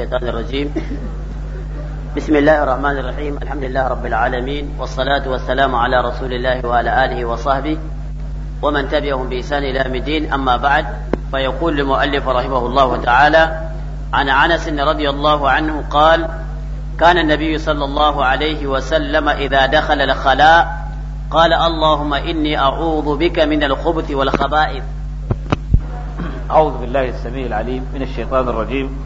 الشيطان الرجيم بسم الله الرحمن الرحيم الحمد لله رب العالمين والصلاة والسلام على رسول الله وعلى آله وصحبه ومن تبعهم بإحسان إلى الدين أما بعد فيقول المؤلف رحمه الله تعالى عن عنس رضي الله عنه قال كان النبي صلى الله عليه وسلم إذا دخل الخلاء قال اللهم إني أعوذ بك من الخبث والخبائث أعوذ بالله السميع العليم من الشيطان الرجيم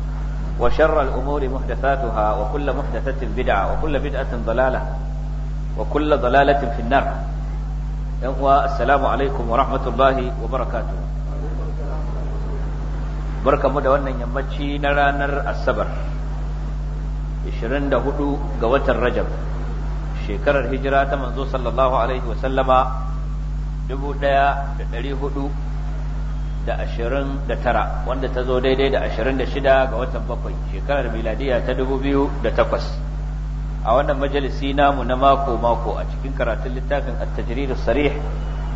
وشر الأمور محدثاتها وكل محدثة بدعة وكل بدعة ضلالة وكل ضلالة في النار السلام عليكم ورحمة الله وبركاته بركة مدى وانا يمتشي نرى نر السبر 24 ga watan Rajab shekarar hijira ta manzo sallallahu alaihi wa sallama 1447 da ashirin da tara wanda ta zo daidai da ashirin da shida ga watan bakwai shekarar miladiya ta dubu biyu da takwas a wannan majalisi namu na mako mako a cikin karatun littafin at-tajrid sarih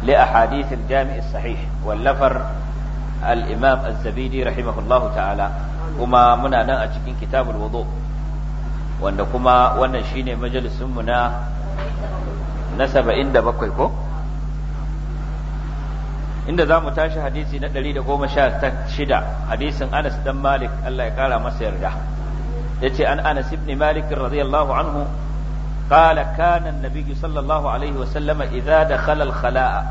li ahadith al-jami' sahih wallafar al-imam az-zabidi rahimahullahu ta'ala kuma muna nan a cikin kitabul wudu wanda kuma wannan shine majalisin mu na na 77 ko inda za mu tashi hadisi na 116 hadisin Anas dan Malik Allah ya kara masa yarda yace an Anas ibn Malik radiyallahu anhu قال كان النبي صلى الله عليه وسلم إذا دخل الخلاء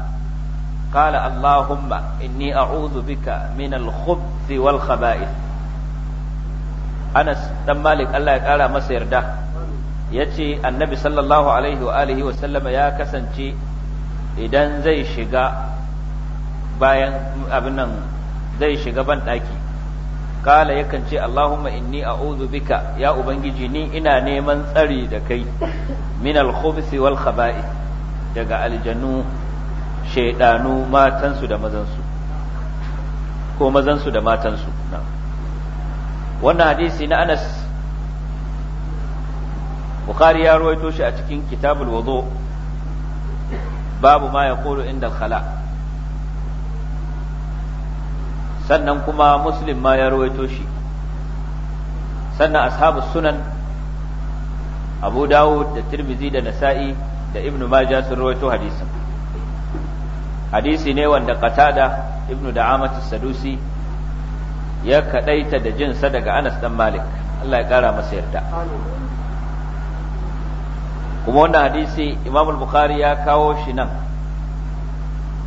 قال اللهم إني أعوذ بك من الخبث والخبائث Anas dan Malik Allah ya kara masa yarda yace annabi sallallahu alaihi wa alihi ya kasance idan zai shiga bayan abin nan zai shiga ban ɗaki kala yakan ce Allahumma inni a'udhu bika ya ubangiji ni ina neman tsari da kai min al wal khaba'i daga aljannu shaydanu matansu da mazansu ko mazansu da matansu wannan hadisi na Anas Bukhari ya ruwaito shi a cikin kitabul wudu babu ma yaqulu inda al-khala' sannan kuma muslim ma ya rawaito shi sannan ashabu sunan abu dawud da tirmizi da nasa'i da ibnu majah sun rawaito hadisin hadisi ne wanda qatada ibn da'amat sadusi ya kadaita da jinsa daga anas dan malik Allah ya kara masa yarda kuma wannan hadisi imam bukhari ya kawo shi nan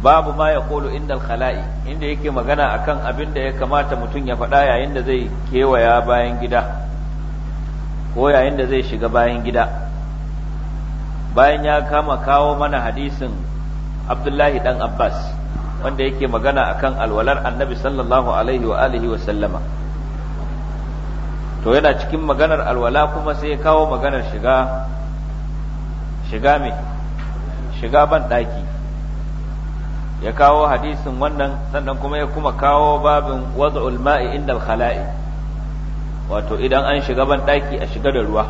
babu ma ya kolo indal khala'i inda yake magana akan abin da ya kamata mutum ya faɗa yayin da zai kewaya bayan gida ko yayin da zai shiga bayan gida bayan ya kama kawo mana hadisin abdullahi dan abbas wanda yake magana akan alwalar annabi sallallahu alaihi wa alihi wa sallama to yana cikin maganar alwala kuma sai ya kawo maganar shiga shiga me shiga ban daki ya kawo hadisin wannan sannan kuma ya kuma kawo babin wad'ul ma'i inda khala'i wato idan an shiga ban daki a shiga da ruwa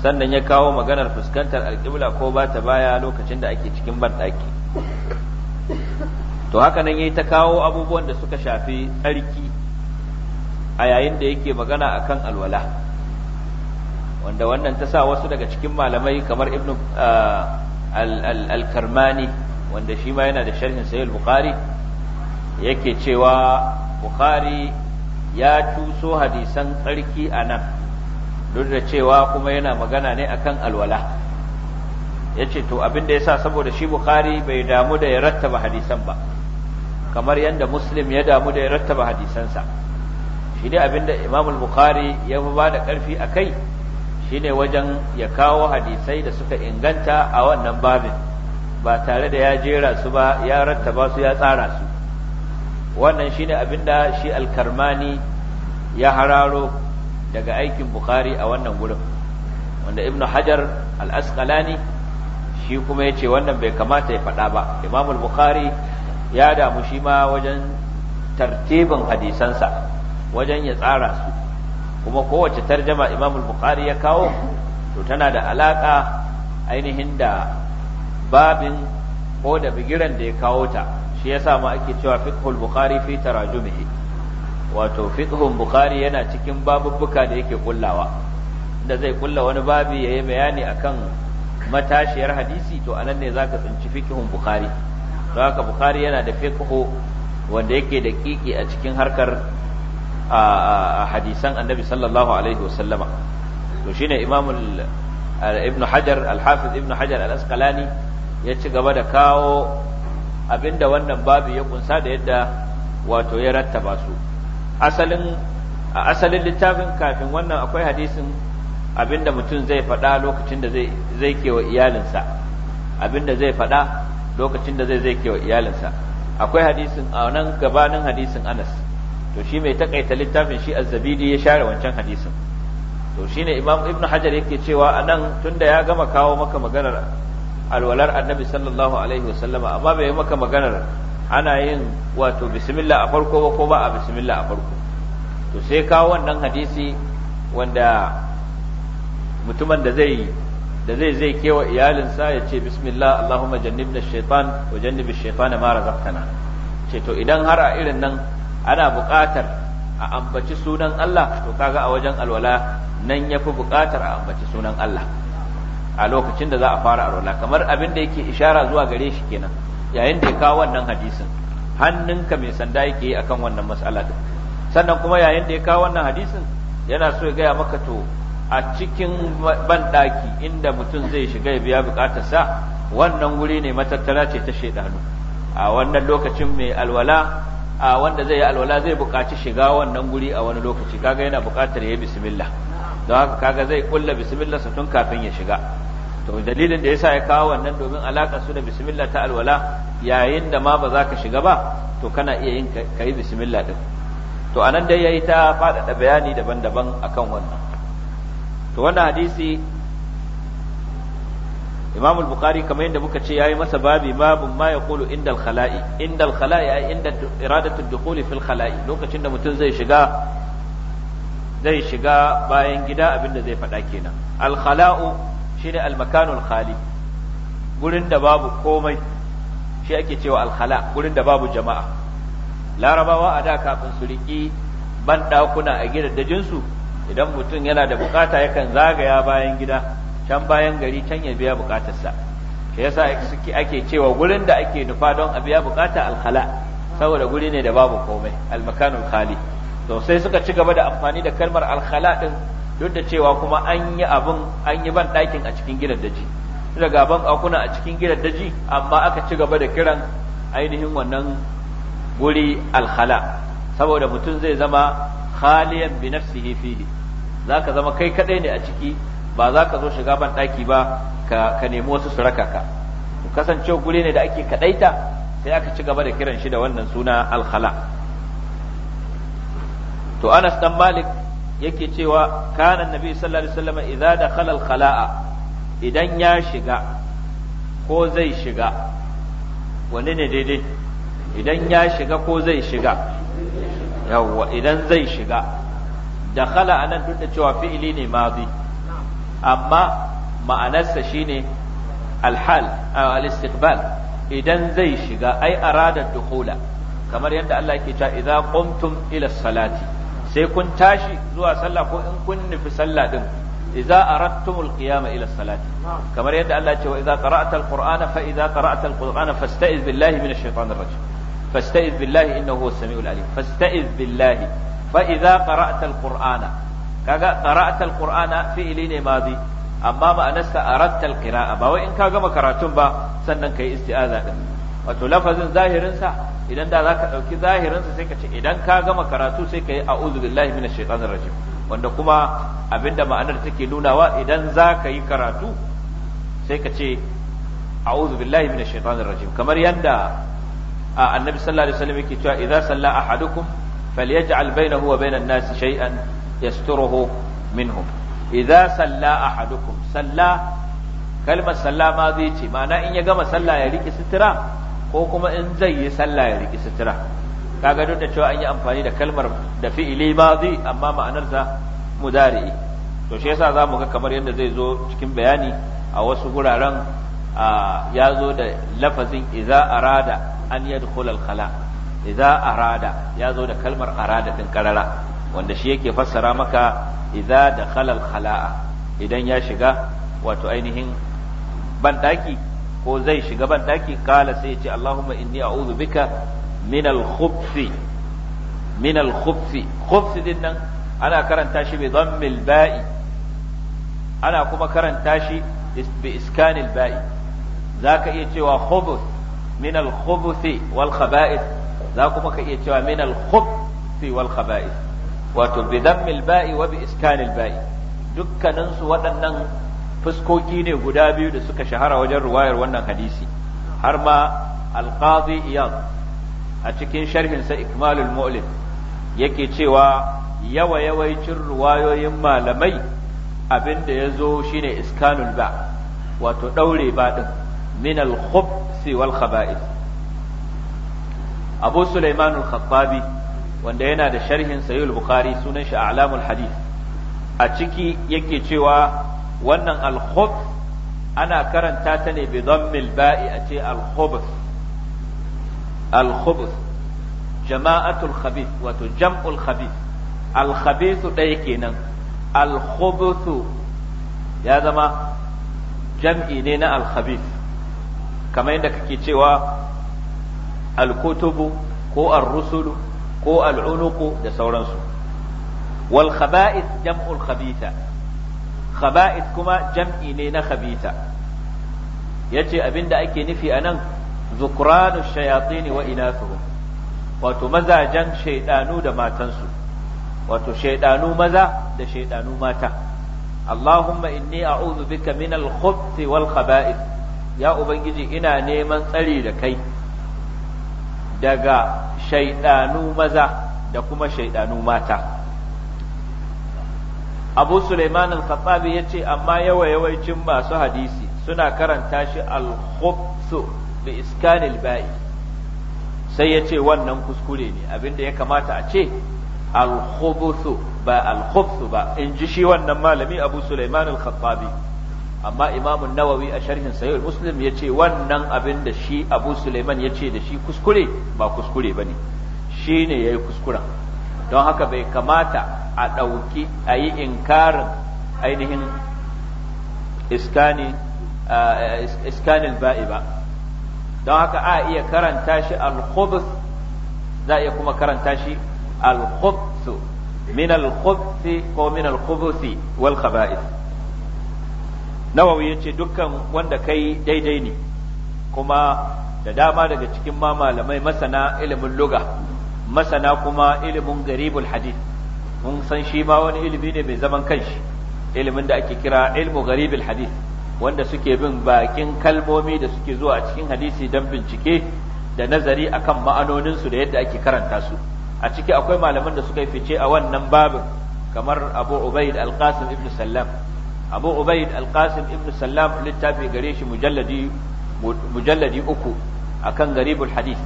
sannan ya kawo maganar fuskantar alƙibla ko ba ta baya lokacin da ake cikin ban daki to haka nan yayi ta kawo abubuwan da suka shafi tsarki a yayin da yake magana akan alwala wanda wannan ta sa wasu daga cikin malamai kamar ibnu ah, al-karmani wanda shi ma yana da sharhin sahih bukhari yake cewa bukhari ya cuso hadisan tsarki a nan duk da cewa kuma yana magana ne akan alwala ya ce to abin da ya sa saboda shi bukhari bai damu da ya rattaba hadisan ba kamar yadda muslim ya damu da ya rattaba hadisansa shi ne abin da imamul bukhari ya ba da karfi a kai shi ne wajen ya kawo hadisai da suka inganta a wannan babin ba tare da ya jera su ba ya rattaba su ya tsara su wannan shine abinda shi alkarmani ya hararo daga aikin bukhari a wannan gurin wanda ibnu hajar al-asqalani shi kuma ya ce wannan bai kamata ya faɗa ba imamul bukhari ya damu shi ma wajen tartibin hadisansa wajen ya tsara su kuma kowace tarjama imamul bukhari ya kawo to tana da alaƙa ainihin da babin ko da bigiran da ya kawo ta shi yasa ma ake cewa fiqhul bukhari fi tarajumihi wato fiqhun bukhari yana cikin babubbuka da yake kullawa da zai kulla wani babi yi bayani akan matashiyar hadisi to anan ne zaka tsinci fiqhun bukhari don haka bukhari yana da fiqhu wanda yake da kiki a cikin harkar a hadisan annabi sallallahu alaihi wasallama to shine imamul ibn hajar al-hafiz ibn hajar al-asqalani ya ci gaba da kawo abinda wannan babu ya kunsa da yadda wato ya rattaba su asalin a asalin littafin kafin wannan akwai hadisin abinda mutum zai faɗa lokacin da zai kewa iyalinsa abinda zai faɗa lokacin da zai zai kewa iyalinsa akwai hadisin a nan gabanin hadisin anas to shi mai takaita littafin shi azzabidi ya share wancan hadisin to shine imam ibnu hajar yake cewa a nan tunda ya gama kawo maka maganar alwalar annabi sallallahu alaihi wasallama amma bai maka maganar ana yin wato bismillah a farko ba ko ba a bismillah a farko to sai kawo wannan hadisi wanda mutumin da zai da zai zai kewa iyalinsa ya ce bismillah allahumma jannibna shaitan wa jannibi shaitana ma razaqtana ce to idan har a irin nan ana buƙatar a ambaci sunan Allah to kaga a wajen alwala nan yafi buƙatar a ambaci sunan Allah a lokacin da za a fara rola kamar abin da yake ishara zuwa gare shi kenan yayin da ya kawo wannan hadisin hannunka mai sanda yake yi akan wannan matsala din sannan kuma yayin da ya kawo wannan hadisin yana so ya gaya maka to a cikin banɗaki inda mutum zai shiga ya biya buƙatar sa wannan wuri ne matattara ce ta shaidanu a wannan lokacin mai alwala a wanda zai yi alwala zai buƙaci shiga wannan guri a wani lokaci kaga yana buƙatar ya yi bismillah don haka kaga zai kulla bismillah sa tun kafin ya shiga to dalilin da yasa ya kawo wannan domin alakar su da bismillah ta alwala yayin da ma ba za ka shiga ba to kana iya yin kai bismillah din to anan dai yayi ta faɗaɗa bayani daban-daban akan wannan to wannan hadisi imamul bukhari kamar yadda muka ce yayi masa babi babun ma yaqulu indal khala'i indal khala'i inda iradatu dukhuli fil khala'i lokacin da mutum zai shiga zai shiga bayan gida abinda zai faɗa kenan alkhala'u shine almakanul khali gurin da babu komai shi ake cewa alkhala gurin da babu jama'a larabawa a da kafin su riki ban ɗakuna a gidajen idan mutum yana da bukata yakan zagaya bayan gida can bayan gari can ya biya bukatarsa ke yasa ake cewa gurin da ake nufa don a biya bukata alkhala saboda guri ne da babu komai almakanul khali to sai suka ci gaba da amfani da kalmar alkhala din duk da cewa kuma an yi abin an yi ban ɗakin a cikin gidan daji daga ban akuna a cikin gidan daji amma aka ci gaba da kiran ainihin wannan guri alkhala saboda mutum zai zama khaliyan bi nafsihi fihi zaka zama kai kadai ne a ciki ba za ka zo shiga ban ɗaki ba ka nemi wasu su raka ka kasance guri ne da ake kadaita sai aka ci gaba da kiran shi da wannan suna alkhala to Anas dan Malik yake cewa kana annabi sallallahu alaihi wasallam idza dakhala al-khala'a idan ya shiga ko zai shiga wani ne daidai idan ya shiga ko zai shiga yawwa idan zai shiga dakhala anan duk da cewa fi'ili ne madi amma ma'anarsa shine alhal al-istiqbal idan zai shiga ai arada dukhula kamar yadda Allah yake cewa idza qumtum ila salati sai kun tashi zuwa sallah ko in kun nufi sallah din idza aradtumul qiyama ila salati kamar yadda Allah ya ce wa idza qara'ta alqur'ana fa idza qara'ta alqur'ana fasta'iz billahi minash shaitanir rajim fasta'iz billahi innahu huwas samiul alim fasta'iz billahi fa idza qara'ta alqur'ana kaga qara'ta alqur'ana fi'li ne madi amma ma'anarsa aradta alqira'a ba wai in ka gama karatun ba sannan kai isti'aza din wato lafazin zahirin sa idan da za ka ɗauki zahirinsa sai ka ce idan ka gama karatu sai ka yi a'udhu billahi minash shaitanir rajim wanda kuma abinda ma'anar take nunawa idan za ka yi karatu sai ka ce a'udhu billahi minash shaitanir rajim kamar yanda annabi sallallahu alaihi wasallam yake cewa idza salla ahadukum falyaj'al bainahu wa bainan nasi shay'an yasturuhu minhum idza salla ahadukum salla kalmar salla ma zai ce ma'ana in ya gama sallah ya rike sutura ko kuma in zai yi sallah ya riki sutura kaga duk da cewa an yi amfani da kalmar da fi'ili madi amma ma'anarsa mudari'i to shi yasa zamu ga kamar yadda zai zo cikin bayani a wasu guraren ya zo da lafazin idza arada an yadkhul al-khala idza arada ya zo da kalmar arada din karara wanda shi yake fassara maka idza dakhala al khala idan ya shiga wato ainihin ban daki ko zai shiga ban daki kala sai ya ce Allahumma inni a'udhu bika min al-khubthi min al-khubthi khubthi din nan ana karanta shi bi dhammil ba'i ana kuma karanta shi bi iskanil ba'i zaka iya cewa khubuth min al-khubuthi wal khaba'ith za kuma ka iya cewa min al-khubthi wal khaba'ith wato bi dhammil ba'i wa bi iskanil ba'i dukkaninsu waɗannan fuskoki ne guda biyu da suka shahara wajen ruwayar wannan hadisi har ma alqazi iyad a cikin sharhinsa ikmalul mu'lim yake cewa yawa yawaicin ruwayoyin malamai abin da ya zo shine iskanul ba wato ɗaure ba ɗin min al wal khaba'ith abu sulaiman al-khattabi wanda yana da sharhin sahih al-bukhari sunan shi a'lamul hadith a ciki yake cewa wannan al-khubth ana karanta ta ne bi dhammil ba'i a ce al-khubth al-khubth jama'atul wato jam'ul khabith al-khabith ɗaya kenan al-khubth ya zama jam'i ne na al-khabith kamar yadda kake cewa al-kutubu ko ar-rusulu ko al-unuqu da sauransu wal khaba'ith jam'ul khabitha khaba'ith kuma jam'i ne na khabitha yace abinda ake nufi anan zukranu shayatin wa inathuhum wato mazajen shaidanu da matansu wato shaidanu maza da shaidanu mata Allahumma inni a'udhu bika min wal khaba'ith ya ubangiji ina neman tsari da kai daga shaidanu maza da kuma shaidanu mata abu suleiman al-khattabi ya ce amma yawa yawaicin masu hadisi suna karanta shi al-khubsu bi iskanil ba'i sai ya ce wannan kuskure ne abinda ya kamata a ce al-khubsu ba al-khubsu ba in ji shi wannan malami abu suleiman al-khattabi amma imam nawawi a sharhin sahih muslim ya ce wannan abin da shi abu suleiman ya ce da shi kuskure ba kuskure bane shine yayi kuskuren don haka bai kamata a ɗauki a yi inkarin ainihin iskanin ba'i ba don haka a iya karanta shi alkhubus za a iya kuma karanta shi al min al ko min alkhubusi walka wal khaba'ith nawawi ce dukkan wanda kai daidai ne kuma da dama daga cikin ma malamai masana ilimin lugha masana kuma ilimin garibul hadith mun san shi ma wani ilimi ne mai zaman kanshi ilimin da ake kira ilmu garibul hadith wanda suke bin bakin kalmomi da suke zuwa a cikin hadisi don bincike da nazari akan ma'anoninsu da yadda ake karanta su a ciki akwai malaman da suka yi fice a wannan babin kamar abu ubaid alqasim ibn sallam abu ubaid alqasim ibn sallam littafi gare shi mujalladi mujalladi uku akan garibul hadith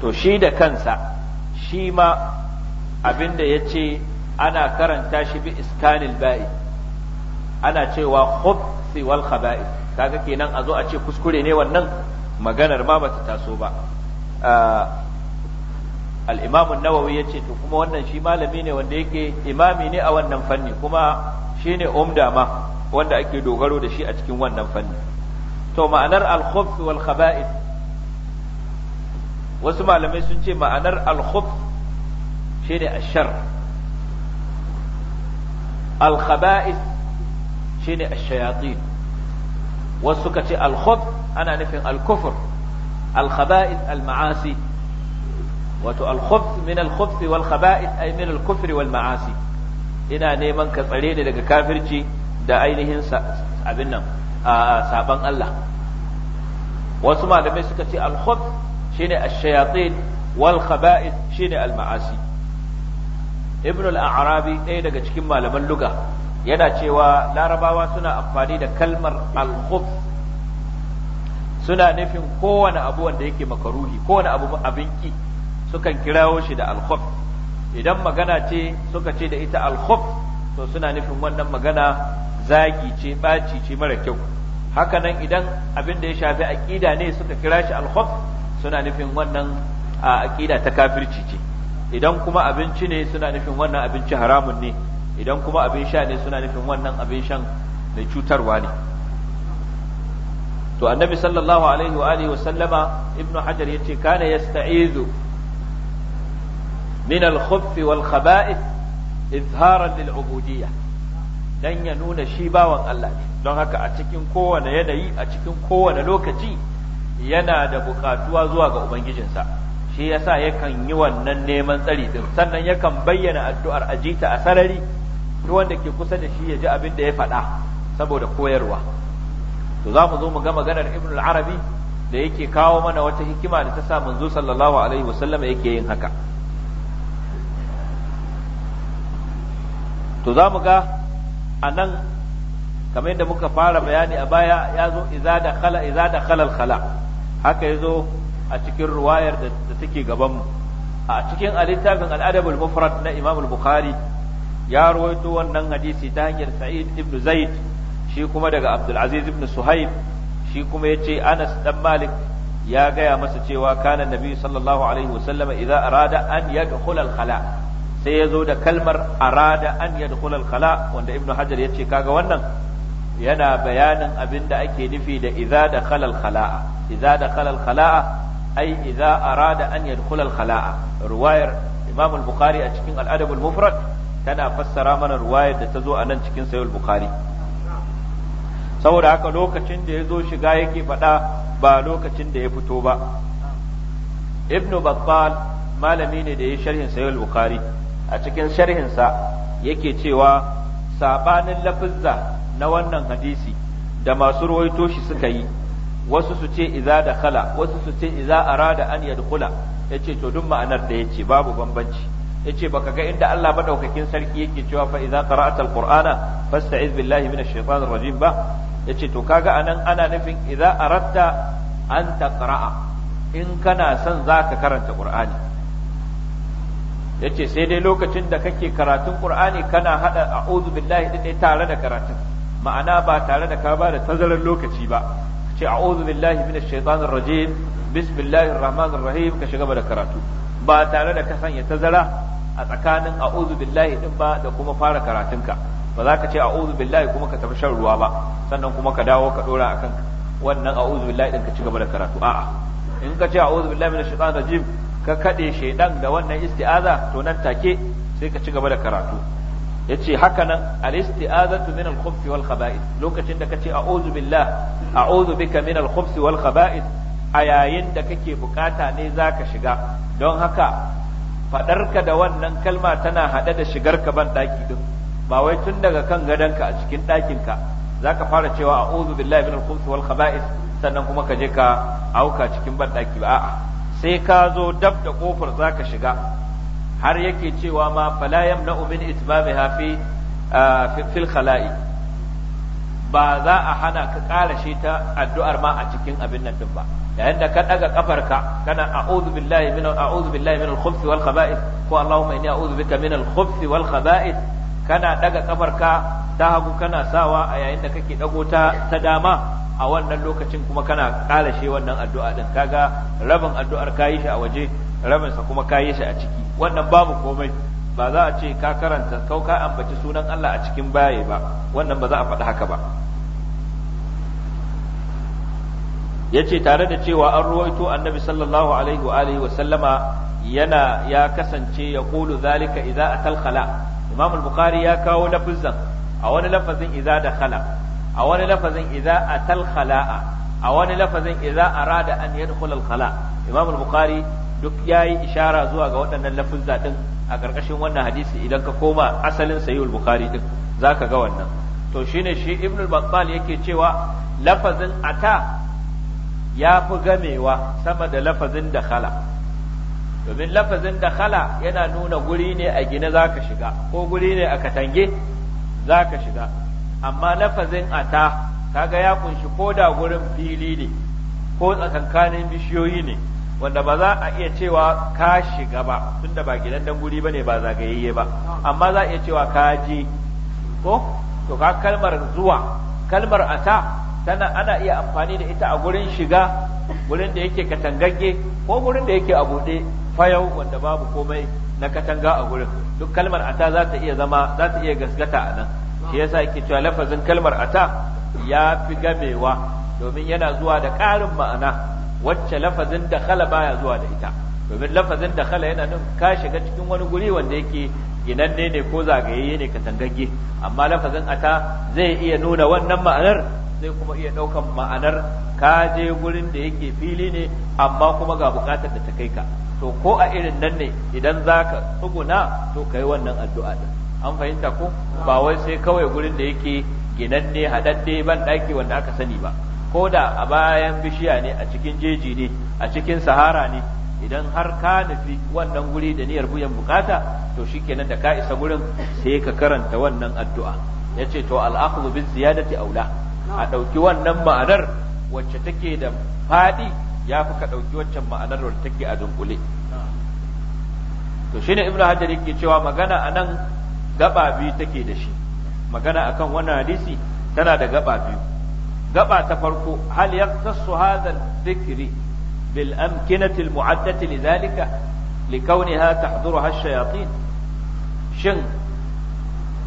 to shi da kansa shi ma abinda ya ce ana karanta shi bi iskanil ba'i ana cewa khubthi wal khaba'i kaga kenan a zo a ce kuskure ne wannan maganar ma bata taso ba al-imam an-nawawi yace to kuma wannan shi malami ne wanda yake imami ne a wannan fanni kuma shine umda ma wanda ake dogaro da shi a cikin wannan fanni to ma'anar al-khubth wal khaba'ith wasu malamai sun ce ma'anar al-khuf shine ashar al-khaba'is shine ash-shayatin wasu suka ce al-khuf ana nufin al-kufr al-khaba'is al-ma'asi wato al-khuf min al-khuf wal khaba'is ay min al-kufr wal ma'asi ina neman ka tsare ni daga kafirci da ainihin abin nan a saban Allah wasu malamai suka ce al-khuf shine ash-shayatin wal khaba'ith shine al-ma'asi ibn al-arabi ɗaya daga cikin malaman luga yana cewa larabawa suna amfani da kalmar al khuf suna nufin kowane abu wanda yake makaruhi kowane abu abin ki sukan kirawo shi da al khuf idan magana ce suka ce da ita al khuf to suna nufin wannan magana zagi ce baci ce mara kyau hakanan idan abin da ya shafi aƙida ne suka kira shi al khuf suna nufin wannan aƙida ta kafirci ce idan kuma abinci ne suna nufin wannan abinci haramun ne idan kuma abin sha ne suna nufin wannan abin shan da cutarwa ne to annabi sallallahu alaihi wa alihi wa sallama ibnu hajar yace kana yasta'izu min al-khuff wal khaba'ith izharan lil ubudiyyah dan ya nuna shi bawan Allah ne don haka a cikin kowane yanayi a cikin kowane lokaci yana da bukatuwa zuwa ga ubangijinsa shi yasa yakan yi wannan neman tsari din sannan yakan bayyana addu'ar ajita a sarari duk wanda ke kusa da shi ya ji abin da ya faɗa saboda koyarwa to za mu zo mu ga maganar ibn arabi da yake kawo mana wata hikima da ta sa manzo sallallahu alaihi wasallam yake yin haka to za mu ga anan. kamar yadda muka fara bayani a baya ya zo iza da khalal khala haka ya zo a cikin ruwayar da take gabanmu a cikin alittafin al'adabul mufrad na imam bukhari ya rawaito wannan hadisi ta hanyar sa'id ibn zaid shi kuma daga abdul aziz ibn suhaib shi kuma yace anas dan malik ya gaya masa cewa kana nabi sallallahu alaihi wasallam idza arada an yadkhula al-khala sai ya zo da kalmar arada an yadkhula al-khala wanda ibn hajar yace kaga wannan yana bayanin abin da ake nufi da iza da khalal khala'a iza da khalal khala'a ai iza arada an yadkhula khala'a ruwayar imam al bukhari a cikin al adab al mufrad tana fassara mana ruwayar da ta zo a nan cikin sahih al bukhari saboda haka lokacin da ya zo shiga yake faɗa ba lokacin da ya fito ba ibnu battal malami ne da ya sharhin sahih al bukhari a cikin sharhinsa yake cewa sabanin lafizza na wannan hadisi da masu ruwaito shi suka yi wasu su ce iza da khala wasu su ce iza arada an yadkhula yace to duk ma'anar da yace babu bambanci yace baka ga inda Allah madaukakin sarki yake cewa fa iza qara'ata alqur'ana fasta'iz billahi minash shaitanir rajim ba yace to kaga anan ana nufin iza aratta an taqra'a in kana son zaka karanta qur'ani yace sai dai lokacin da kake karatun qur'ani kana hada a'udhu billahi din tare da karatun ma'ana ba tare da ka ba da tazarar lokaci ba ce a'udhu billahi minash shaitanir rajim bismillahir rahmanir rahim ka shiga da karatu ba tare da ka sanya tazara a tsakanin a'udhu billahi din ba da kuma fara karatunka ba za ka ce a'udhu billahi kuma ka tafi shan ruwa ba sannan kuma ka dawo ka dora akan wannan a'udhu billahi din ka ci gaba da karatu a'a in ka ce a'udhu billahi minash shaitanir rajim ka kade shaidan da wannan isti'aza to nan take sai ka ci gaba da karatu yace haka nan al-isti'azatu min al-khubth wal khaba'ith lokacin da kace a'udhu billah a'udhu bika min al-khubth wal khaba'ith a yayin da kake bukata ne zaka shiga don haka fadarka da wannan kalma tana haɗa da shigarka ban daki din ba wai tun daga kan gadonka a cikin ɗakinka zaka fara cewa a'udhu billahi min al-khubth wal khaba'ith sannan kuma ka je ka auka cikin ban daki ba a'a sai ka zo dab da kofar zaka shiga har yake cewa ma fala na umin itmamiha fi fil khala'i ba za a hana ka ƙarashe ta addu'ar ma a cikin abin nan din ba yayin da ka ɗaga kafarka kana a'udhu billahi min min al-khubuthi wal khaba'ith ko allahumma inni a'udhu bika min al-khubuthi wal khaba'ith kana daga kafarka ta hagu kana sawa a yayin da kake dago ta ta dama a wannan lokacin kuma kana kalashe wannan addu'a din kaga rabin addu'ar kayi shi a waje rabin sa kuma kayi shi a ciki wannan babu komai ba za a ce ka karanta kau ka ambaci sunan Allah a cikin baye ba wannan ba za a faɗi haka ba yace tare da cewa an ruwaito annabi sallallahu alaihi wa alihi wa sallama yana ya kasance ya qulu zalika idza atal khala imam al-bukhari ya kawo lafazin a wani lafazin idza dakhala a wani lafazin idza atal khala'a a wani lafazin idza arada an yadkhul al-khala imam al-bukhari duk yayi ishara zuwa ga waɗannan lafuzza din a ƙarƙashin wannan hadisi idan ka koma asalin sahihul bukhari din zaka ga wannan to shine shi ibn al-battal yake cewa lafazin ata ya fi gamewa sama da lafazin dakhala domin lafazin da khala yana nuna guri ne a gine za ka shiga ko guri ne a katange za ka shiga amma lafazin ata kaga ya kunshi ko da gurin fili ne ko tsakankanin bishiyoyi ne wanda ba za a iya cewa ka shiga ba tunda ba gidan dan guri bane ba zagayayye ba amma za a iya cewa ka je ko to ka kalmar zuwa kalmar ata tana ana iya amfani da ita a gurin shiga gurin da yake katangagge ko gurin da yake a buɗe fayau wanda babu komai na katanga a gurin duk kalmar ata za ta iya zama za ta iya gasgata a nan shi yasa yake cewa lafazin kalmar ata ya fi gamewa domin yana zuwa da ƙarin ma'ana wacce lafazin da khala baya zuwa da ita domin lafazin da khala yana nan ka shiga cikin wani guri wanda yake ginanne ne ko zagayayye ne katangagge amma lafazin ata zai iya nuna wannan ma'anar zai kuma iya ɗaukan ma'anar ka je gurin da yake fili ne amma kuma ga buƙatar da ta kai ka to ko a irin nan ne idan za ka tsuguna to ka yi wannan addu'a ɗin an fahimta ko ba wai sai kawai gurin da yake ginanne haɗaɗɗe ban ɗaki wanda aka sani ba ko da a bayan bishiya ne a cikin jeji ne a cikin sahara ne idan har ka nufi wannan guri da niyyar buyan bukata to shikenan da ka isa gurin sai ka karanta wannan addu'a yace to al-akhdhu bi ziyadati aula a dauki wannan ma'anar wacce take da fadi ya fi ka dauki waccan ma'anar wacce take a dunkule to shine ibnu hajar yake cewa magana anan gaba biyu take da shi magana akan wannan hadisi tana da gaba biyu gaba ta farko hal yaqtasu hadha dhikri بالأمكنة المعدة لذلك لكونها تحضرها الشياطين شن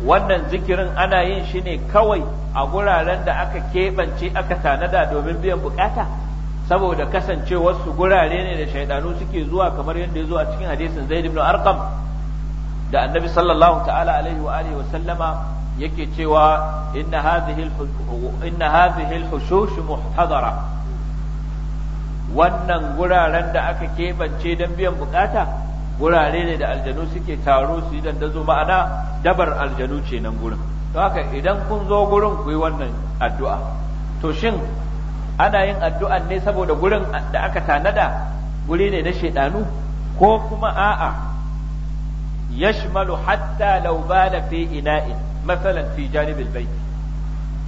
wannan zikirin ana yin shi ne kawai a guraren da aka keɓance aka tanada domin biyan bukata saboda kasancewarsu gurare ne da shaidanu suke zuwa kamar yadda ya zo a cikin hadisin zaid ibn arqam da annabi sallallahu ta'ala alaihi wa alihi wa sallama yake cewa inna hadhihi al-hushush muhtadara wannan guraren da aka kebance don biyan bukata gurare ne da aljanu suke taro su yi dandazo ma'ana dabar aljanu ce nan gurin to haka idan kun zo gurin ku yi wannan addu'a to shin ana yin addu'an ne saboda gurin da aka tanada guri ne na shaidanu ko kuma a'a yashmalu hatta law bala fi ina'in masalan fi janibil bayt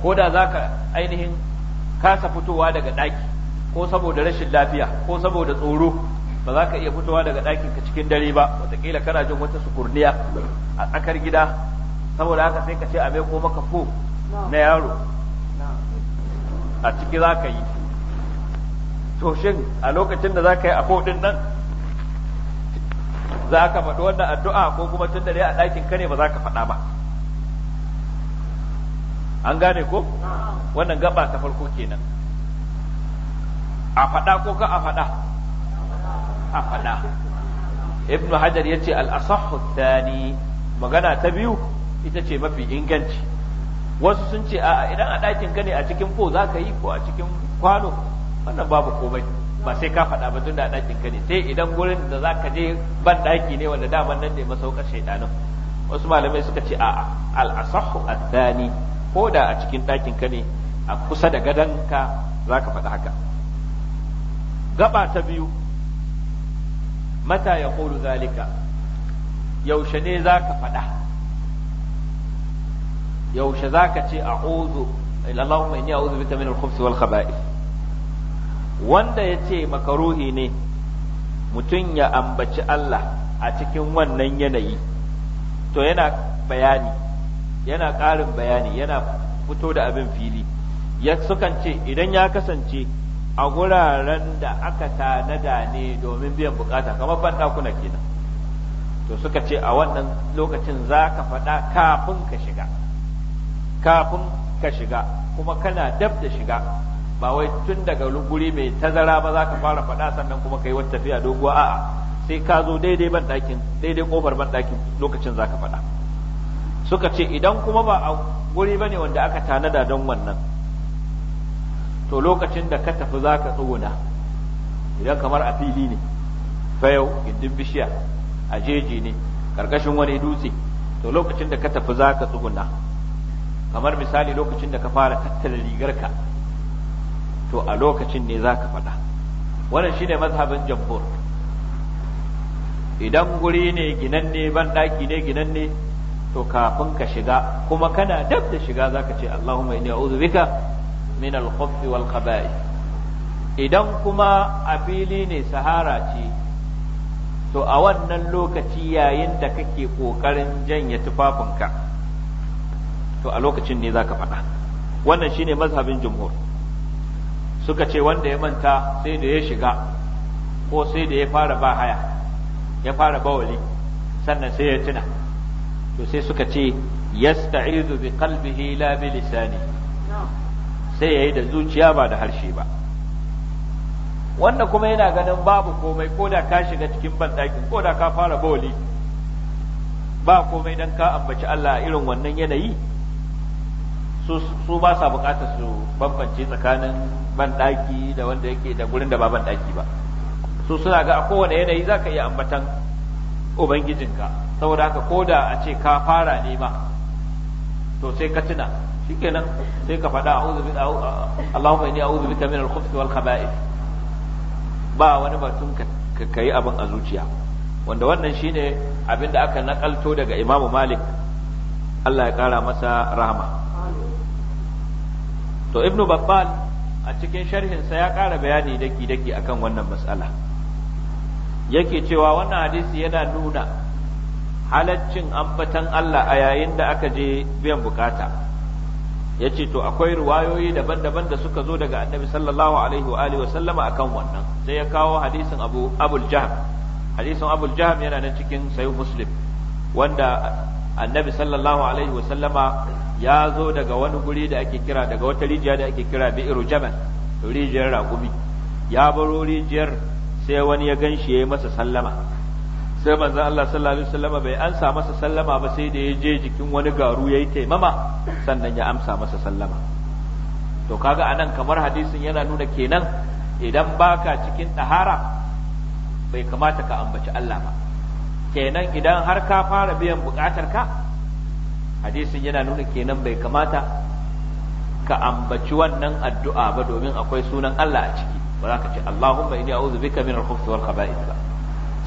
ko da zaka ainihin kasa fitowa daga daki ko saboda rashin lafiya ko saboda tsoro ba za ka iya fitowa daga ɗakin ka cikin dare ba wataƙila kana jin wata sukurniya a tsakar gida saboda haka sai ka ce a ko maka fo na yaro a ciki za ka yi to shin a lokacin da za ka yi a din nan za ka faɗi wannan addu'a ko kuma tun dare a ɗakin ka ne ba za ka faɗa ba an gane ko wannan gaba ta farko kenan a faɗa ko ka a faɗa a faɗa ibnu hajar ya ce al'asahu thani magana ta biyu ita ce mafi inganci wasu sun ce a idan a ɗakin ka ne a cikin ko za ka yi ko a cikin kwano wannan babu komai ba sai ka faɗa ba tunda a ɗakin ka ne sai idan gurin da za ka je ban ɗaki ne wanda daman nan ne masaukar shaidanin wasu malamai suka ce a'a al'asahu athani ko da a cikin ɗakin ka ne a kusa da gadon ka za ka faɗa haka gaba ta biyu mata ya ƙulu zalika yaushe ne za ka faɗa yaushe za ka ce a ozu Allahumma inni a'udhu bika min al wal khaba'ith wanda yace makaruhi ne mutum ya ambaci Allah a cikin wannan yanayi to yana bayani yana ƙarin bayani yana fito da abin fili ya sukan ce idan ya kasance a guraren da aka tanada ne domin biyan bukata kamar banɗakuna kenan to suka ce a wannan lokacin za ka faɗa kafin ka shiga kafin ka shiga kuma kana dab da shiga ba wai tun daga guri mai tazara ba za ka fara faɗa sannan kuma ka yi wata tafiya doguwa a'a sai ka zo daidai ban daidai kofar ban lokacin za ka faɗa suka ce idan kuma ba a guri bane wanda aka tanada don wannan to lokacin da ka tafi za ka tsuguna idan kamar a fili ne fayau gindin bishiya a jeji ne karkashin wani dutse to lokacin da ka tafi za ka tsuguna kamar misali lokacin da ka fara tattala rigarka to a lokacin ne za ka faɗa wannan shine mazhabin jambur idan guri ne ginanne ban ɗaki ne ginanne to kafin ka shiga kuma kana dab da shiga za ka ce allahumma inni a'udhu bika min al-khubth wal khaba'i idan kuma a fili ne sahara ce to a wannan lokaci yayin da kake kokarin janye tufafinka to a lokacin ne zaka faɗa wannan shine mazhabin jumhur suka ce wanda ya manta sai da ya shiga ko sai da ya fara ba haya ya fara bawali sannan sai ya tuna to sai suka ce yasta'izu bi qalbihi la bi lisanihi sai yayi da zuciya ba da harshe ba wanda kuma yana ganin babu komai ko da ka shiga cikin banɗakin ko da ka fara boli ba komai dan ka ambaci Allah a irin wannan yanayi su ba sa bukatar su bambance tsakanin banɗaki da wanda yake da gurin da ba banɗaki ba su suna ga a kowane yanayi za ka iya ambatan ubangijinka saboda haka ko da a ce ka fara nema to sai ka tuna shikenan sai ka faɗa a'udhu bi Allahumma inni a'udhu bika min al-khubuthi wal khaba'ith ba wani batun ka kai abin a zuciya wanda wannan shine abin da aka nakalto daga Imam Malik Allah ya kara masa rahama to Ibn Babbal a cikin sharhin sa ya kara bayani daki daki akan wannan mas'ala yake cewa wannan hadisi yana nuna halaccin ambatan Allah a yayin da aka je biyan bukata yace to akwai riwayoyi daban-daban da suka zo daga annabi sallallahu alaihi wa alihi wasallama akan wannan sai ya kawo hadisin abu abul jahm hadisin abul jahm yana nan cikin sahih muslim wanda annabi sallallahu alaihi wa sallama ya zo daga wani guri da ake kira daga wata rijiya da ake kira bi'ru jamal rijiyar raƙumi ya baro rijiyar sai wani ya ganshi yayi masa sallama sai manzon Allah sallallahu alaihi wasallam bai ansa masa sallama ba sai da ya je jikin wani garu yayi taimama sannan ya amsa masa sallama to kaga anan kamar hadisin yana nuna kenan idan baka cikin ɗahara bai kamata ka ambaci Allah ba kenan idan har ka fara biyan bukatar ka hadisin yana nuna kenan bai kamata ka ambaci wannan addu'a ba domin akwai sunan Allah a ciki ba za ka ce Allahumma inni a'udhu bika min al-khubuthi wal khaba'ith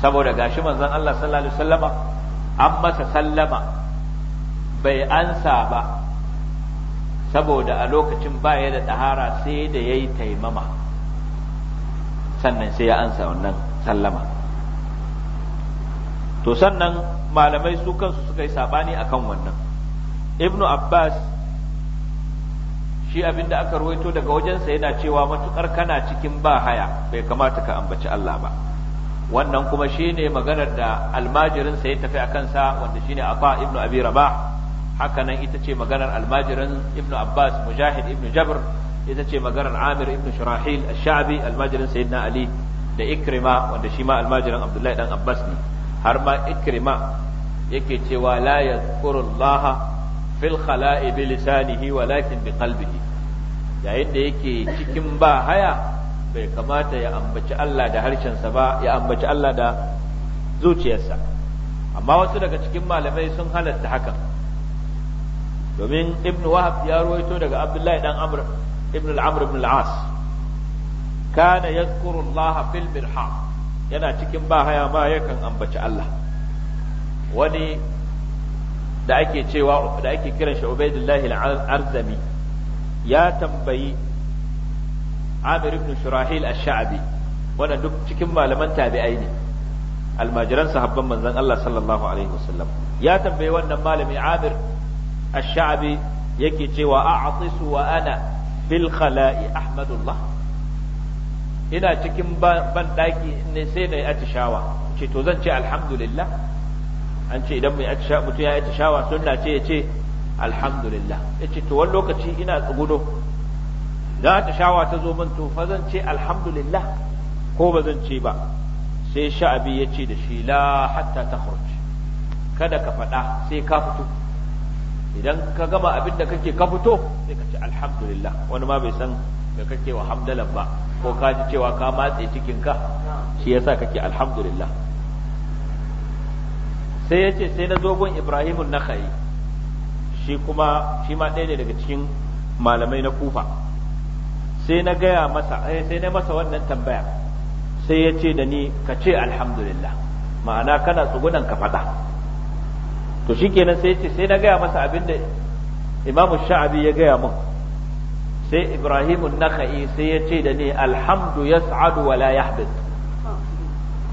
saboda gashi manzon Allah sallallahu alaihi wasallama an masa sallama bai ansa ba saboda a lokacin baya da ɗahara sai da yayi taimama sannan sai ya ansa wannan sallama to sannan malamai su kansu suka yi sabani akan wannan ibnu abbas shi abinda aka ruwaito daga wajensa yana cewa matukar kana cikin ba haya bai kamata ka ambaci allah ba wannan kuma shine maganar da almajirin sa ya tafi a kansa wanda shine Afa ibn Abi Rabah hakanan ita ce maganar almajirin ibn Abbas Mujahid ibn Jabr ita ce maganar Amir ibn Shurahil Ash-Sha'bi almajirin Sayyidina Ali da Ikrima wanda shi ma almajirin Abdullahi dan Abbas ne har ma Ikrima yake cewa la yadhkurullaha fil khala'i bi lisanihi walakin bi qalbihi yayin da yake cikin ba haya bai kamata ya ambaci Allah da harshensa ba ya ambaci Allah da zuciyarsa amma wasu daga cikin malamai sun halatta hakan domin ibn wahab ya ruwaito daga abdullahi dan amr ibn al-amr ibn al-as kana yadhkuru Allah fil yana cikin bahaya ma yakan ambaci Allah wani da ake cewa da ake kiran shi Ubaidullahi al-Arzami ya tambayi amir ibn shurahil ash-sha'bi wanda duk cikin malaman tabi'ai ne almajiran sahabban manzon Allah sallallahu alaihi wasallam ya tambayi wannan malami amir ash-sha'bi yake cewa a'tisu wa ana fil khala'i ahmadullah ina cikin ban daki ne sai na yi atishawa ce to zan ce alhamdulillah an ce idan mai atishawa mutum ya atishawa sunna ce ya ce alhamdulillah ya ce to wani lokaci ina tsugudo da ta shawa ta zo min to fa zan ce alhamdulillah ko ba zan ce ba sai sha'abi ya ce da shi la hatta ta kada ka faɗa sai ka fito idan ka gama abin da kake ka fito sai ka ce alhamdulillah wani ma bai san ga kake wa hamdalan ba ko ka ji cewa ka matse cikinka shi yasa kake alhamdulillah sai ya ce sai na zogon ibrahimun nakhai shi kuma shi ma ɗaya ne daga cikin malamai na kufa sai na gaya masa eh, sai na masa wannan tambaya sai ya ce da ni ka ce alhamdulillah ma'ana kana tsugunan ka faɗa to shikenan sai ce sai na gaya masa abin da imamu sha'abi ya gaya mun sai ibrahimu nakha'i sai ya ce da ni alhamdu yas'adu wa la yahbit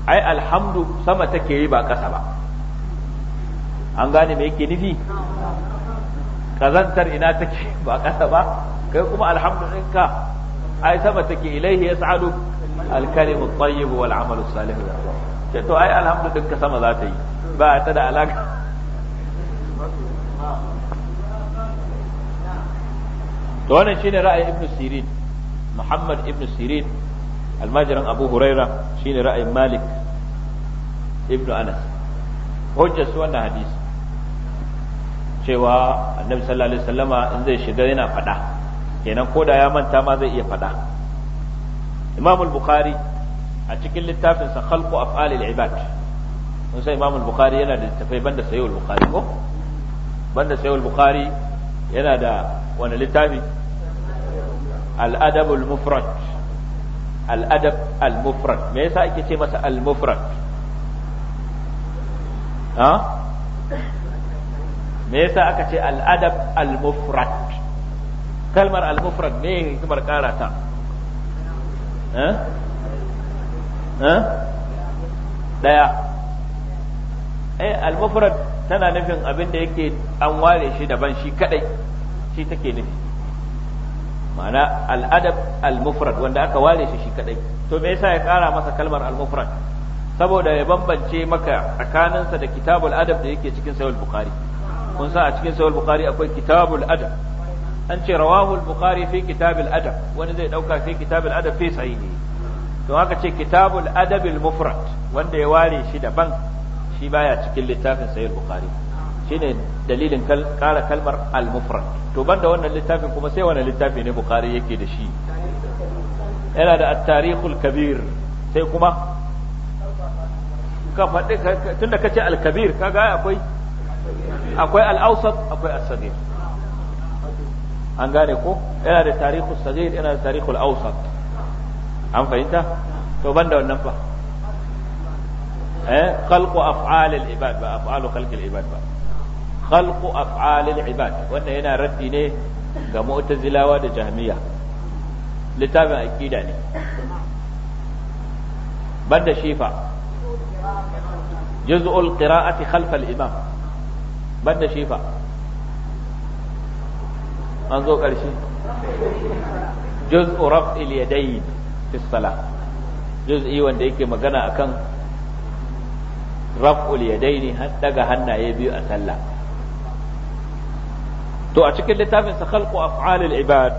ai alhamdu sama take yi ba ƙasa ba an gane me yake nufi kazantar ina take ba ƙasa ba kai kuma alhamdulillah ai sama take ilaihi yas'adu al-kalimu at-tayyib wal 'amalu salih ce to ai alhamdu dinka sama za ta yi ba ta da alaka to wannan shine ra'ayi ibn sirin muhammad ibn sirin almajiran abu huraira shine ra'ayi malik ibn anas hujjar su wannan hadisi cewa annabi sallallahu alaihi wasallama in zai shiga yana faɗa kenan ko da ya manta ma zai iya faɗa imam al-bukhari a cikin littafin sa khalqu af'al al-ibad sai imam al-bukhari yana da littafai banda sayyid al-bukhari ko banda sayyid al-bukhari yana da wani littafi al-adab al-mufrad al-adab al-mufrad me yasa ake ce masa al-mufrad ha me yasa aka ce al-adab al-mufrad kalmar al-mufrad ne hikimar ƙara ta ɗaya eh al-mufrad tana nufin abin da yake an ware shi daban shi kadai shi take nufi ma'ana al-adab al-mufrad wanda aka ware shi shi kadai to me yasa ya ƙara masa kalmar al-mufrad saboda ya bambance maka tsakaninsa da kitabul adab da yake cikin sahih bukhari kun san a cikin sahih bukhari akwai kitabul adab an ce rawahu al-bukhari fi kitab al-adab wani zai dauka fi kitab al-adab fi sahihi to haka ce kitab al-adab al-mufrad wanda ya ware shi daban shi baya cikin littafin sahih al-bukhari shine dalilin kara kalmar al-mufrad to banda wannan littafin kuma sai wannan littafi ne bukhari yake da shi yana da at-tarikh al-kabir sai kuma ka faɗi tunda kace al-kabir kaga akwai akwai al-awsat akwai as-saghir an gane ko yana da tarihu sagir yana da tarihu al-awsat an fahimta to banda wannan fa eh khalqu af'al al-ibad ba af'alu khalqi al-ibad ba khalqu af'al al-ibad wannan yana raddi ne ga mu'tazilawa da jahmiya littafin aqida ne banda shifa juz'ul qira'ati khalf al-imam banda shifa an zo ƙarshe juz'u raf'il yadayn fi salah juz'i wanda yake magana akan raf'ul ne daga hannaye biyu a sallah to a cikin littafin sa khalqu af'alil ibad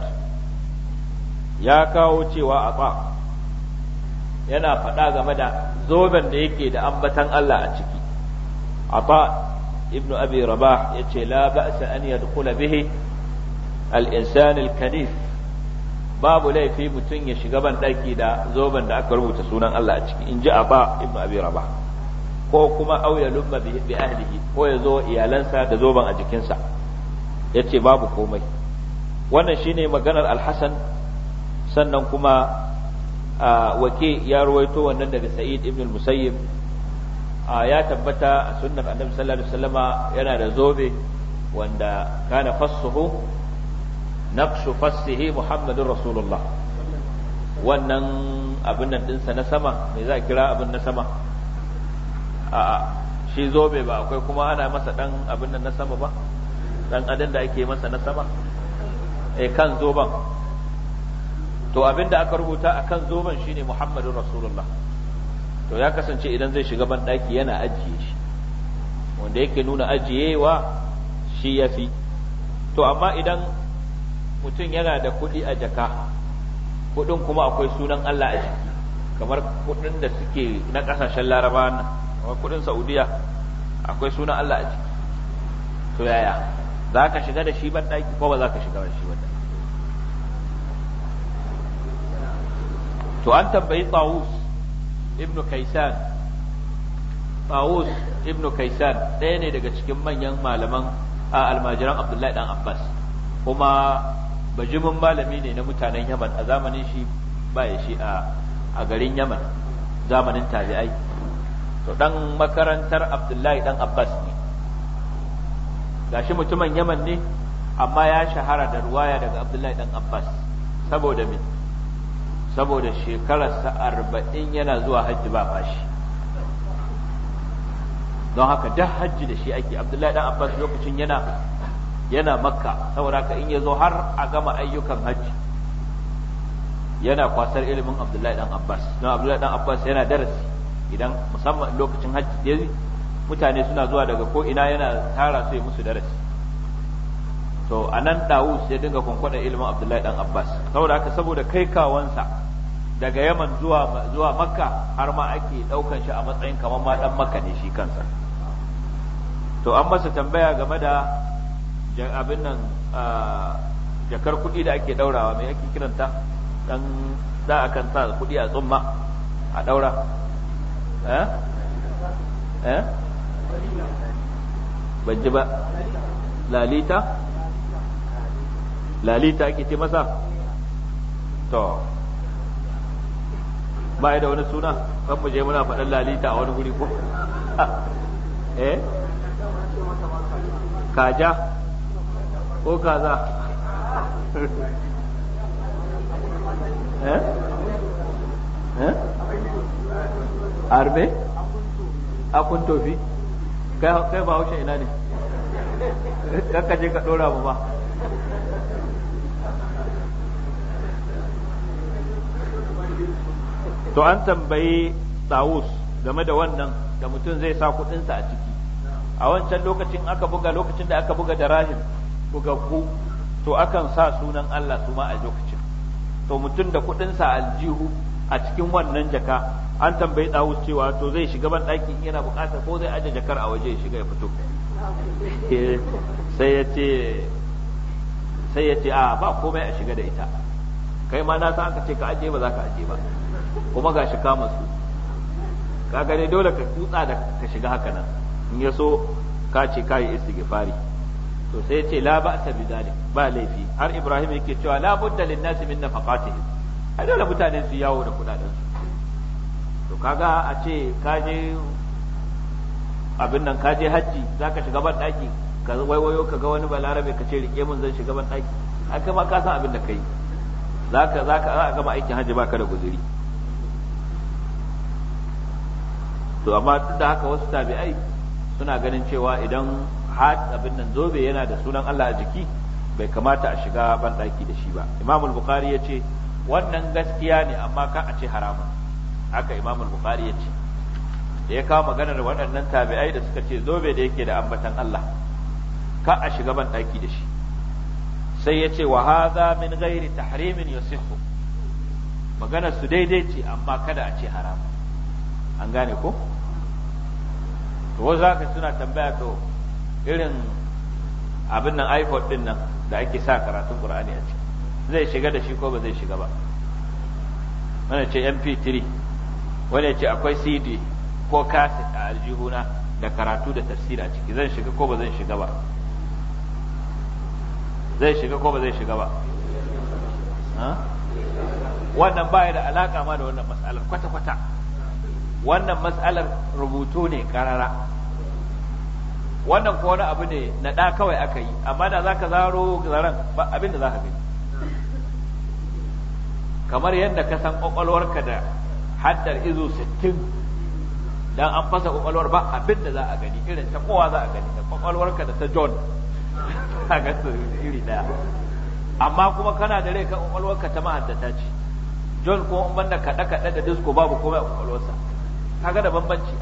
ya kawo cewa atsa yana faɗa game da zoben da yake da ambatan Allah a ciki atsa ibnu abi rabah yace la ba'sa an yadkhula bihi al-insan kanif babu laifi mutum ya shiga ban daki da zoben da aka rubuta sunan Allah a ciki in ji aba ibn abi rabah ko kuma auya lumma bi ahlihi ko ya zo iyalansa da zoben a jikinsa yace babu komai wannan shine maganar al sannan kuma wake ya ruwaito wannan daga sa'id ibn al-musayyib ya tabbata a sunnar annabi sallallahu alaihi wasallama yana da zobe wanda kana fassuhu naqshu fassihi muhammadur rasulullah wannan abin nan dinsa na sama me za a kira abin na sama a shi zobe ba akwai kuma ana masa dan abin nan na sama ba dan adan da ake masa na sama eh kan zoban to abin da aka rubuta akan zoban shine muhammadur rasulullah to ya kasance idan zai shiga ban daki yana ajiye shi wanda yake nuna ajiyewa shi ya fi. to amma idan mutum yana da kuɗi a jaka kuɗin kuma akwai sunan Allah a jiki kamar kuɗin da suke na ƙasashen laraba nan kamar kuɗin saudiya akwai sunan Allah a jiki to yaya za ka shiga da shi ban ɗaki ko ba za ka shiga da shi ban to an tambayi tawus ibn kaisan tawus ibn kaisan ɗaya ne daga cikin manyan malaman a almajiran abdullahi dan abbas kuma bajimin malami ne na mutanen yaman a zamanin shi ba ya shi a garin yaman zamanin tabi'ai to dan makarantar abdullahi dan abbas ne gashi mutumin yaman ne amma ya shahara da ruwaya daga abdullahi dan abbas saboda me saboda shekararsa arba'in yana zuwa hajji ba fashi don haka duk hajji da shi ake abdullahi dan abbas lokacin yana yana makka saboda ka in ya zo har a gama ayyukan hajji yana kwasar ilimin abdullahi dan abbas don abdullahi dan abbas yana darasi idan musamman lokacin hajji yayi mutane suna zuwa daga ko ina yana tara su musu darasi to anan dawus ya dinga kwankwada ilimin abdullahi dan abbas saboda haka saboda kai kawansa daga yaman zuwa zuwa makka har ma ake daukan shi a matsayin kamar ma dan makka ne shi kansa to an masa tambaya game da abin nan jakar kuɗi da ake ɗaurawa mai ake kiranta dan za a kan sa kuɗi a tsumma a ɗaura eh eh ban ji ba lalita lalita ake ce masa to ba da wani suna kan mu je muna faɗin lalita a wani guri ko eh kaja ko kaza eh, eh? arbe akun tofi kai kai ba haushe ina ne kaka je ka dora mu ba to an tambayi tsawus game da wannan da mutum zai sa kudinsa a ciki a wancan lokacin aka buga lokacin da aka buga da rahim bugaggu to akan sa sunan Allah su ma a lokacin to mutum da kuɗinsa aljihu a cikin wannan jaka an tambayi ɗawus cewa to zai shiga ban ɗakin yana bukata ko zai aje jakar a waje ya shiga ya fito eh, sai ya ce sai ya ce a ba komai a shiga da ita kai ma na san aka ce ka aje ba za ka aje ba kuma ga shi kama su gane dole ka kutsa da ka shiga haka nan in ya so ka ce ka yi istighfari to sai ce la ta bi zalik ba laifi har ibrahim yake cewa la budda lin nasi min nafaqatihim ai dole mutane su yawo da kudaden su to kaga a ce ka je abin nan ka je hajji zaka shiga ban daki ka waiwayo ka ga wani balarabe ka ce rike mun zan shiga ban daki ai kai ma ka san abin da kai zaka zaka za ka gama aikin hajji baka da guzuri to amma duk da haka wasu tabi'ai suna ganin cewa idan hat abin nan zobe yana da sunan Allah a jiki bai kamata a shiga banɗaki da shi ba imam bukhari ya ce wannan gaskiya ne amma ka a ce haramun haka imam bukhari ya ce da ya kawo maganar waɗannan tabi'ai da suka ce zobe da yake da ambatan Allah ka a shiga banɗaki da shi sai ya ce wa hadha min ghairi tahrimin yasihhu maganar su daidai ce amma kada a ce haramun an gane ko to za ka suna tambaya to irin abin nan iPod din nan da ake sa karatun Qur'ani a ciki zai shiga da shi ko ba zai shiga ba wani ce MP3 wani ce akwai CD ko cassette a aljihuna da karatu da tafsira a ciki zan shiga ko ba zan shiga ba zai shiga ko ba zai shiga ba wannan baya da alaka ma da wannan mas'alar kwata-kwata wannan mas'alar rubutu ne karara wannan ko wani abu ne na ɗa kawai aka yi amma da za ka zaro zaren ba abin da za ka gani kamar yadda ka san ƙwaƙwalwarka da haddar izo sittin dan an fasa ƙwaƙwalwar ba abin da za a gani irin ta kowa za a gani da ƙwaƙwalwarka da ta john ka ga iri ɗaya amma kuma kana da rai ka ƙwaƙwalwarka ta mahaddata ce john kuma in banda kaɗe-kaɗe da disco babu komai a ƙwaƙwalwarsa kaga da bambanci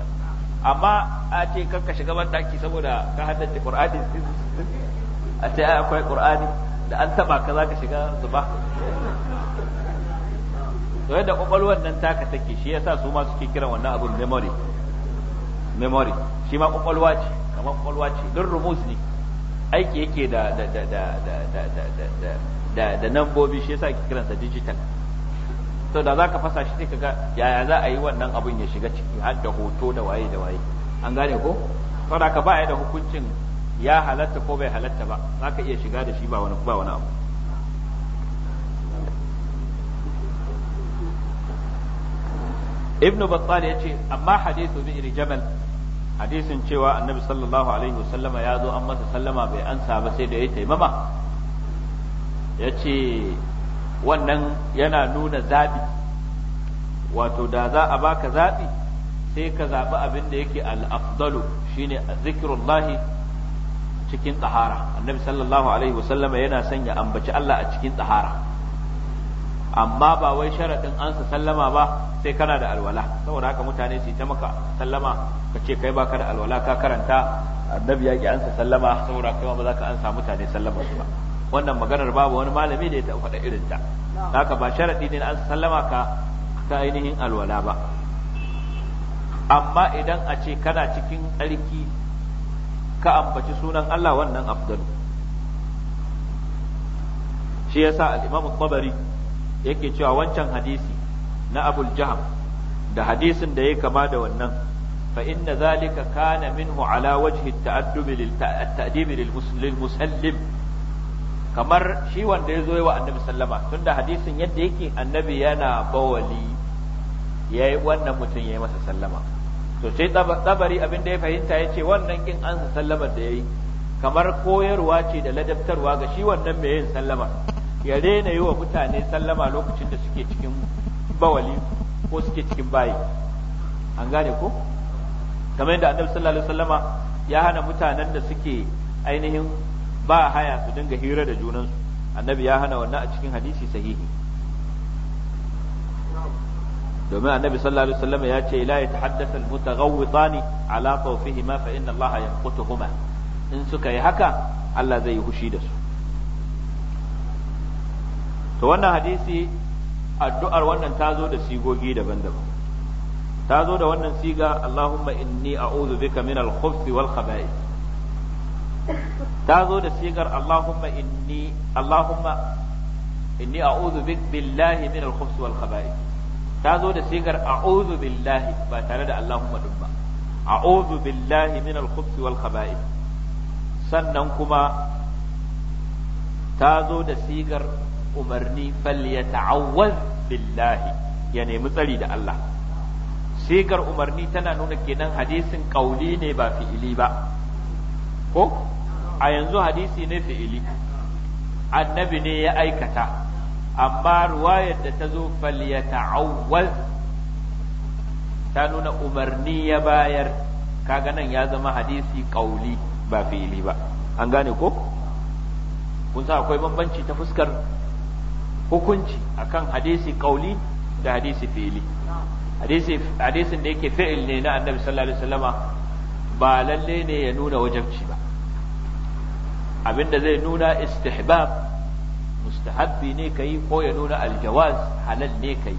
amma a ce kanka shiga ban daki saboda ka haddace qur'ani a ce ai akwai qur'ani da an taba ka zaka shiga zuba to yadda kwakwalwar nan taka take shi yasa su ma suke kiran wannan abun memory memory shi ma kokolwa ce kamar kokolwa ce don rumus ne aiki yake da da da da da da da da da nambobi shi yasa ake kiransa digital to da zaka fasa shi sai kaga yaya za a yi wannan abin ya shiga ciki har da hoto da waye da waye an gane ko to da ka ba ya da hukuncin ya halatta ko bai halatta ba zaka iya shiga da shi ba wani ba wani abu ibnu battal ya ce amma hadithu bi jamal hadisin cewa annabi sallallahu alaihi wasallama ya zo an masa sallama bai ansa ba sai da ya taimama yace wannan yana nuna zaɓi wato da za a baka zaɓi sai ka zaɓi abin da yake al'afdalu shine zikirullahi cikin tsahara annabi sallallahu alaihi wasallama yana ya ambaci Allah a cikin tsahara amma ba wai sharaɗin ansa sallama ba sai kana da alwala saboda haka mutane su ta maka sallama ka ce kai baka da alwala ka karanta annabi ya ki ansa sallama saboda kai ba za ka ansa mutane sallama su ba wannan maganar babu wani malami da ya taɓa faɗa irin ta haka ba sharaɗi ne an sallama ka ta ainihin alwala ba amma idan a ce kana cikin tsarki ka ambaci sunan Allah wannan afdalu shi yasa al-Imam Tabari yake cewa wancan hadisi na Abul Jaham da hadisin da ya kama da wannan fa inna zalika kana minhu ala wajhi at-ta'addub lil lil-muslim kamar shi wanda ya zo yi wa annabi sallama tunda hadisin yadda yake annabi yana bawali ya yi wannan mutum ya yi masa sallama to sai tsabari abin da ya fahimta ya ce wannan kin ansa sallamar da ya yi kamar koyarwa ce da ladabtarwa ga shi wannan mai yin sallama ya daina yi wa mutane sallama lokacin da suke cikin bawali ko suke cikin bayi an gane ko kamar yadda annabi sallallahu alaihi wasallama ya hana mutanen da suke ainihin ba haya su dinga hira da junansu annabi ya hana wannan a cikin hadisi sahihi domin annabi sallallahu alaihi wasallam ya ce la yatahaddathu al-mutaghawwitani ala tawfihima fa inna Allah yanqutuhuma in suka yi haka Allah zai yi hushi da su to wannan hadisi addu'ar wannan ta zo da sigogi daban-daban ta zo da wannan siga Allahumma inni a'udhu bika min al-khubthi wal khaba'ith ta zo da sigar Allahumma inni Allahumma inni a'udhu billahi min al-khubs wal khaba'ith ta zo da sigar a'udhu billahi ba tare da Allahumma din ba a'udhu billahi min al-khubs wal khaba'ith sannan kuma ta zo da sigar umarni fal falyata'awwaz billahi ya nemi tsari da Allah sigar umarni tana nuna kenan hadisin kauli ne ba fi'ili ba ko a yanzu hadisi ne fi'ili annabi ne ya aikata amma ruwayar da ta zo falyata'awwaz ta nuna umarni ya bayar kaga nan ya zama hadisi kauli ba fi'ili ba an gane ko kun sa akwai bambanci ta fuskar hukunci akan hadisi kauli da hadisi fi'ili hadisin da yake fi'il ne na annabi sallallahu alaihi wasallama ba lalle ne ya nuna wajabci ba abinda zai nuna istihbab mustahabbi ne kai ko ya nuna aljawaz halal ne kai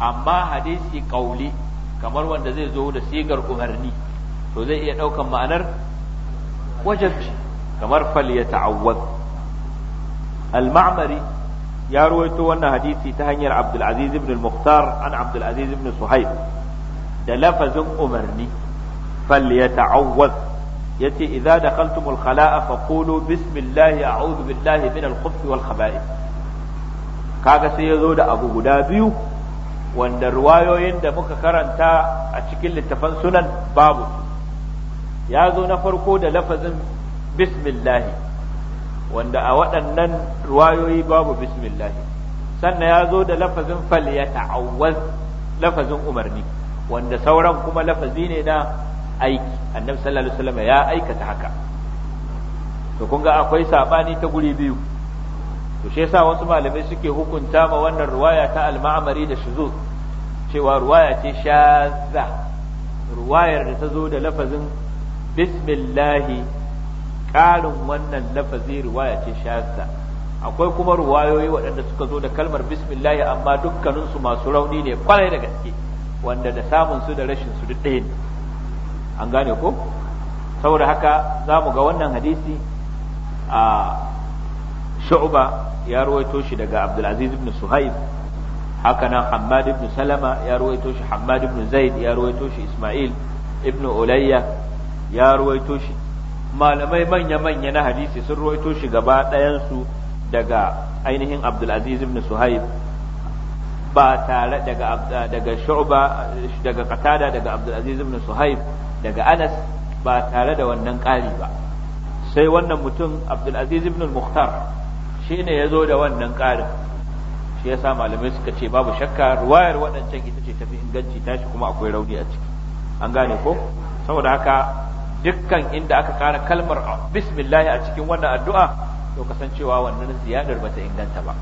amma hadisi kauli kamar wanda zai zo da sigar umarni to zai iya daukan ma'anar wajabci kamar fal ya ta'awwad al-ma'mari ya ruwaito wannan hadisi ta hanyar Abdul Aziz ibn al-Mukhtar an Abdul Aziz ibn Suhaib da lafazin umarni fal ya ta'awwad yace idza dakhaltumul khala'a faqulu bismillahi a'udhu billahi minal khubthi wal khaba'ith kaga sai yazo da abu guda biyu wanda ruwayoyin da muka karanta a cikin littafan sunan babu ya zo na farko da lafazin bismillahi wanda a waɗannan ruwayoyi babu bismillahi sannan ya zo da lafazin fal ya lafazin umarni wanda sauran kuma lafazi ne na aiki annabi sallallahu alaihi wasallam ya aikata haka to kun ga akwai sabani ta guri biyu to shi yasa wasu malamai suke hukunta ma wannan ruwaya ta al-ma'mari da shuzuz cewa ruwaya ce shazza ruwayar da ta zo da lafazin bismillahi ƙarin wannan lafazi ruwaya ce shazza akwai kuma ruwayoyi waɗanda suka zo da kalmar bismillahi amma dukkaninsu masu rauni ne kwarai da gaske wanda da samun su da rashin su duk ɗaya ne an gane ko saboda haka za mu ga wannan hadisi a shu'ba ya ruwaito shi daga abdulaziz ibn suhaib haka nan hammad ibn salama ya ruwaito shi hammad ibn zaid ya ruwaito shi isma'il ibn ulayya ya ruwaito shi malamai manya-manya na hadisi sun ruwaito shi gaba ɗayansu daga ainihin abdulaziz ibn suhaib ba tare daga daga shu'ba daga qatada daga aziz ibn suhaib daga anas ba tare da wannan ƙari ba sai wannan mutum aziz ibn al shine ya da wannan ƙarin shi yasa malamai suka ce babu shakka ruwayar waɗancan ita ce tafi inganci tashi kuma akwai rauni a ciki an gane ko saboda haka dukkan inda aka kara kalmar bismillah a cikin wannan addu'a to kasancewa wannan ziyadar bata inganta ba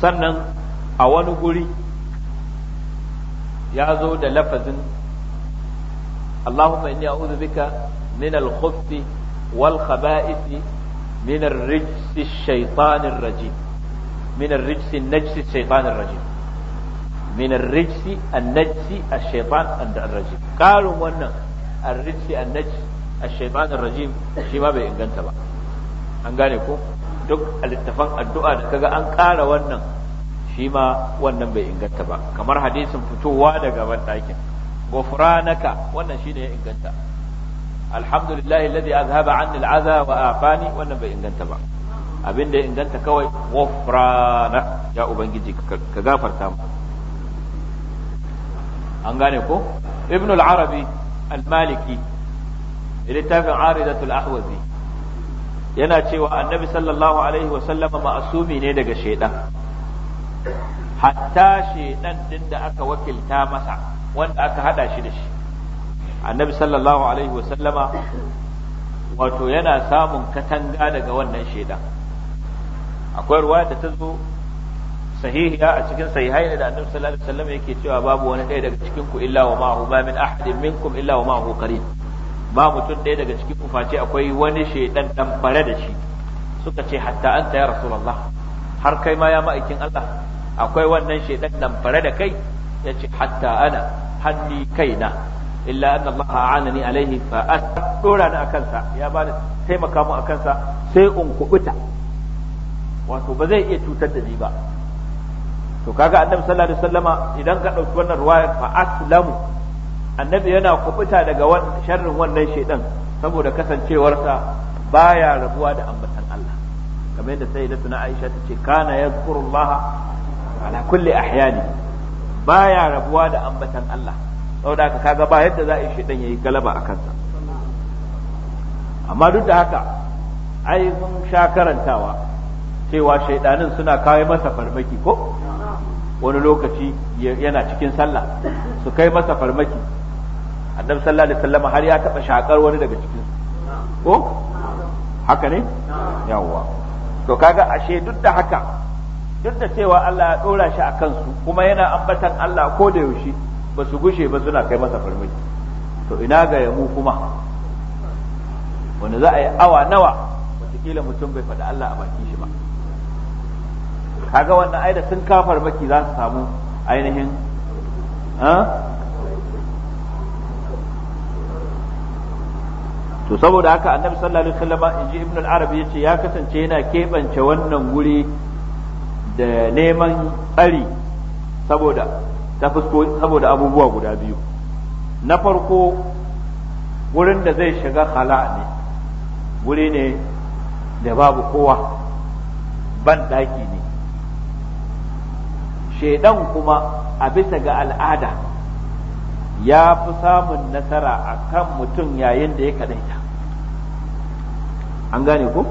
sannan a wani guri ya zo da lafazin Allahumma inni a'udhu bika min al-khubthi wal min ar-rijsi ash-shaytanir rajim min ar-rijsi an-najsi ash-shaytanir rajim min ar-rijsi an-najsi ash-shaytan ar-rajim wannan ar-rijsi an-najsi ash-shaytanir rajim shi ma bai inganta ba an gane ko duk littafan addu'a da kaga an ƙara wannan shi ma wannan bai inganta ba kamar hadisin fitowa daga ban ɗakin gufranaka wannan shine ya inganta alhamdulillah alladhi azhaba anni al'aza wa afani wannan bai inganta ba abin da ya inganta kawai gufrana ya ubangiji ka gafarta mu an gane ko ibn al-arabi al-maliki littafin aridatul ahwazi yana cewa annabi sallallahu alaihi wasallama ma'asumi ne daga shaidan hatta shaidan din da aka wakilta masa wanda aka hada shi da shi annabi sallallahu alaihi wasallama wato yana samun katanga daga wannan shaidan akwai ruwa da ta zo sahihiya a cikin sahihai da annabi sallallahu alaihi wasallam yake cewa babu wani ɗaya daga cikin ku illa wa ma'ahu ma min ahadin minkum illa wa ma'ahu qarin ba mutum ɗaya daga cikin ku akwai wani shaidan dan bare da shi suka ce hatta an ya rasulullah har kai ma ya ma'aikin Allah akwai wannan shaidan dan bare da kai ce hatta ana hanni kaina illa anna Allah a'anani alaihi fa asdora ni akan sa ya bani taimaka mu akan sa sai in kubuta wato ba zai iya cutar da ni ba to kaga annabi sallallahu alaihi wasallama idan ka dauki wannan ruwayar fa aslamu annabi yana kubuta daga sharrin wannan shaidan saboda kasancewarsa baya rabuwa da ambatan Allah kamar yadda sayyidatuna Aisha ta ce kana yadhkurullaha ala kulli ahyani baya rabuwa da ambatan Allah saboda haka kaga ba yadda za a yi shaidan yayi galaba a kansa amma duk da haka ai mun sha karantawa cewa shaidanin suna kawo masa farmaki ko wani lokaci yana cikin sallah su kai masa farmaki annabi sallallahu alaihi wasallam har ya taba shakar wani daga cikin ko haka ne yawwa to kaga ashe duk da haka duk da cewa Allah ya dora shi akan su kuma yana ambatan Allah ko da yaushe ba su gushe ba suna kai masa farmaki to ina ga yamu kuma wanda za a yi awa nawa wataƙila mutum bai faɗi Allah a baki shi ba kaga wannan ai da sun kafar maki za su samu ainihin to saboda haka annabi sallallahu alaihi wasallam inji ibnu al-arabi yace ya kasance yana kebance wannan guri da neman tsari saboda ta fusko saboda abubuwa guda biyu na farko wurin da zai shiga khala ne wuri ne da babu kowa ban daki ne shedan kuma a bisa ga al'ada ya fi samun nasara a kan mutum yayin da ya kadaita an gane ku?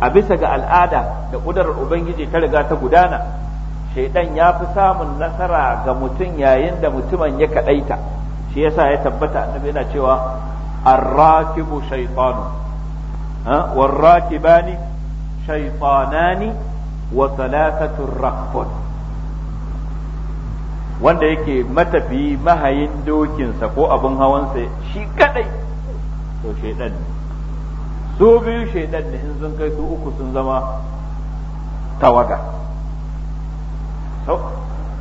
a bisa ga al'ada da ƙudurar ubangiji ta riga ta gudana shaidan ya fi samun nasara ga mutum yayin da mutumin ya kadaita shi yasa ya tabbata annabi yana cewa arrakibu shaytanu warrakibani shaytanani wa thalathatu rakfun wanda yake matafi mahayin dokinsa ko abin hawansa shi kadai to shaidan ne su biyu shaidan ne in sun kai su uku sun zama tawaga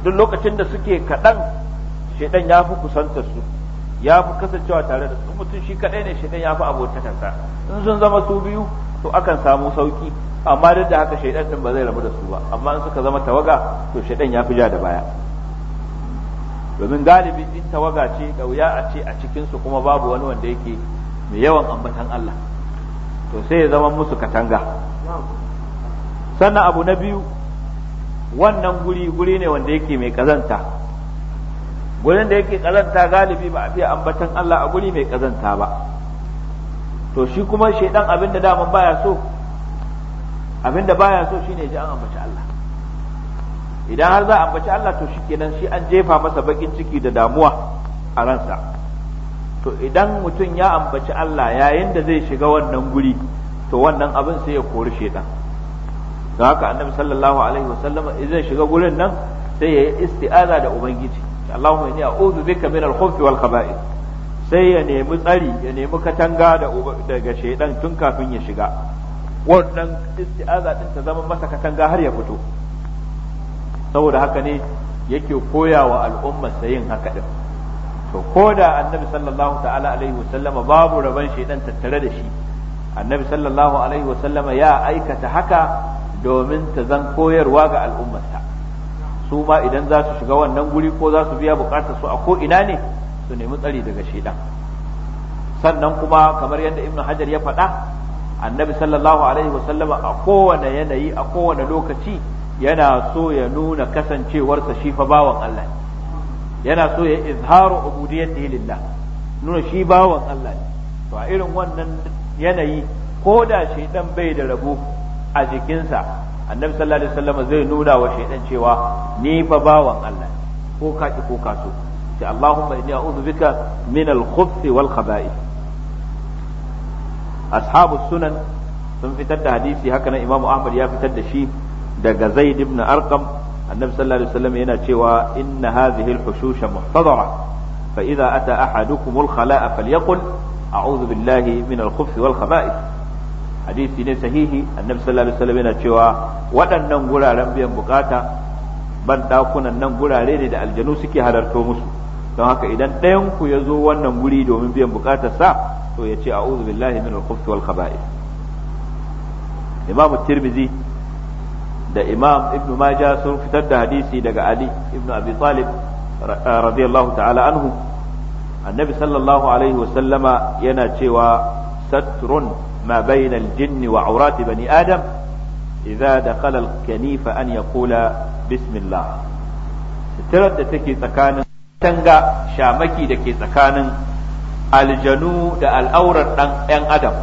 duk lokacin da suke kaɗan shaidan ya fi kusantar su ya fi kasancewa tare da su mutum shi kadai ne shaidan ya fi abotakarsa in sun zama su biyu to akan samu sauki amma duk da haka shaidan din ba zai rabu da su ba amma in suka zama tawaga to shaidan ya fi ja da baya domin galibi in tawaga ce da wuya a ce a cikinsu kuma babu wani wanda yake mai yawan ambatan Allah to sai ya zama musu katanga sannan abu na biyu wannan guri guri ne wanda yake mai kazanta gurin da yake kazanta galibi ba a fiye ambatan Allah a guri mai kazanta ba to shi kuma shaidan abinda da daman baya so abinda baya so shine ji an ambaci Allah idan har za a ambaci Allah to shikenan shi an jefa masa bakin ciki da damuwa a ransa to idan mutum ya ambaci Allah yayin da zai shiga wannan guri to wannan abin sai ya kori shedan don haka annabi sallallahu alaihi wasallam idan shiga gurin nan sai ya yi isti'aza da ubangiji Allahumma inni a'udhu bika min al-khubthi wal khaba'ith sai ya nemi tsari ya nemi katanga daga shedan tun kafin ya shiga wannan isti'aza din ta zama masa katanga har ya fito saboda haka ne yake koya wa al'ummar yin haka din to ko da annabi sallallahu ta'ala alaihi wasallama babu rabon shaidan tattare da shi annabi sallallahu alaihi wasallama ya aikata haka domin ta zan koyarwa ga al'ummarsa su ma idan za su shiga wannan guri ko za su biya bukatar su a ko ina ne su nemi tsari daga shaidan sannan kuma kamar yadda ibnu hajar ya faɗa annabi sallallahu alaihi wasallama a kowane yanayi a kowane lokaci yana so ya nuna kasancewarsa shi fa bawan Allah yana so ya izharu ubudiyyati lillah nuna shi bawan Allah ne to a irin wannan yanayi ko da shaidan bai da rabo a jikinsa annabi sallallahu alaihi wasallam zai nuna wa shaidan cewa ni fa bawan Allah ko ka ki ko ka so sai Allahumma inni a'udhu bika min al-khubuth wal khaba'ith ashabu sunan sun fitar da hadisi haka nan Imam Ahmad ya fitar da shi daga zaid ibn arqam annabi sallallahu alaihi wasallam yana cewa inna hadhihi al-hushusha muhtadara fa idza ata ahadukum al-khala'a falyaqul a'udhu billahi min al wal khaba'ith hadisi ne sahihi annabi sallallahu alaihi wasallam yana cewa waɗannan guraren biyan bukata ban dakunan nan gurare ne da aljanu suke halarto musu don haka idan ɗayan ku ya zo wannan guri domin biyan sa to ya ce a'udhu billahi min al wal khaba'ith imamu tirmidhi da imam ibn maja sun fitar da hadisi daga ali ibn abi talib radiyallahu ta'ala anhu annabi sallallahu alaihi wasallama yana cewa satrun ma bayna al wa aurati bani adam idza dakhala al-kanifa an yaqula bismillah sitirar da take tsakanin tanga shamaki da ke tsakanin aljanu da al'aurar ɗan adam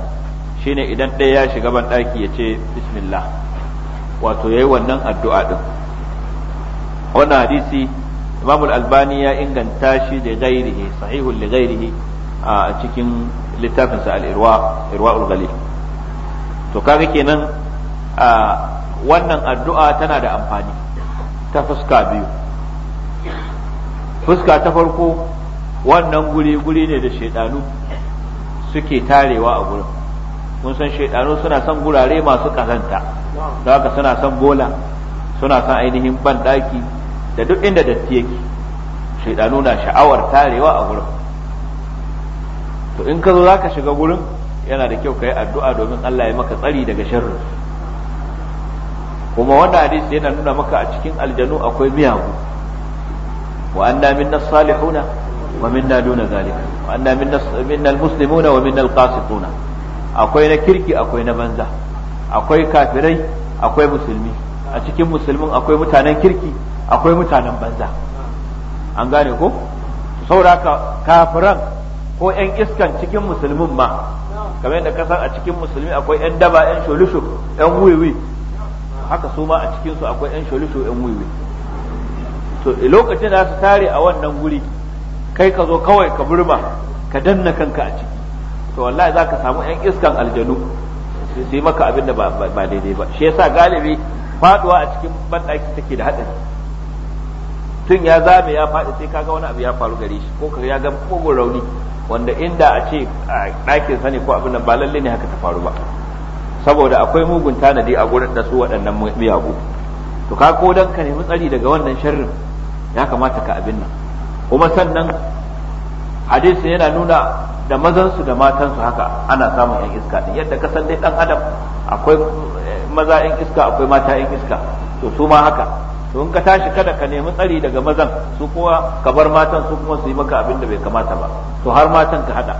shine idan ɗaya ya shiga ban ɗaki ya ce bismillah wato yayi wannan addu'a din wannan hadisi Imam al-Albani ya inganta shi da gairihi sahihul li gairihi a cikin littafin sa al-Irwa to kaga kenan a wannan addu'a tana da amfani ta fuska biyu fuska ta farko wannan guri guri ne da shaidanu suke tarewa a gurin Mun san shaidanu suna son gurare masu kazanta don haka suna son bola suna son ainihin ban daki da duk inda datti yake da na sha'awar tarewa a gurin to in ka zo za ka shiga gurin yana da kyau ka yi addu'a domin Allah ya maka tsari daga sharri kuma wannan hadisi yana nuna maka a cikin aljanu akwai miyagu wa anna minna salihuna wa minna duna zalika wa anna minna minna almuslimuna wa minna alqasituna akwai na kirki akwai na banza akwai kafirai akwai musulmi a cikin musulmin akwai mutanen kirki akwai mutanen banza an gane ko sauraka kafiran ko 'yan iskan cikin musulmin ma kamar yadda kasan a cikin musulmi akwai 'yan daba 'yan sholisho 'yan wiwi haka su ma a cikinsu akwai 'yan sholisho 'yan wiwi to e lokacin da su tare a wannan guri kai ka zo kawai ka burma ka danna kanka a ciki to wallahi za ka samu 'yan iskan aljanu sai maka abin da ba daidai ba shi yasa galibi faduwa a cikin banɗaki take da haɗari tun ya zame ya faɗi sai kaga wani abu ya faru gare shi ko ya ga kogon rauni wanda inda a ce a ɗakin sani ko abin nan ba lalle ne haka ta faru ba saboda akwai mugun tanadi a gurin da su waɗannan miyagu to ka ko dan ka nemi tsari daga wannan sharrin ya kamata ka abin nan kuma sannan hadisi yana nuna da mazansu da matansu haka ana samun yan iska din yadda kasan dai dan adam akwai maza yan iska akwai mata yan iska to su ma haka to in ka tashi kada ka nemi tsari daga mazan su kuwa ka bar matan su kuma su yi maka abin da bai kamata ba to har matan ka hada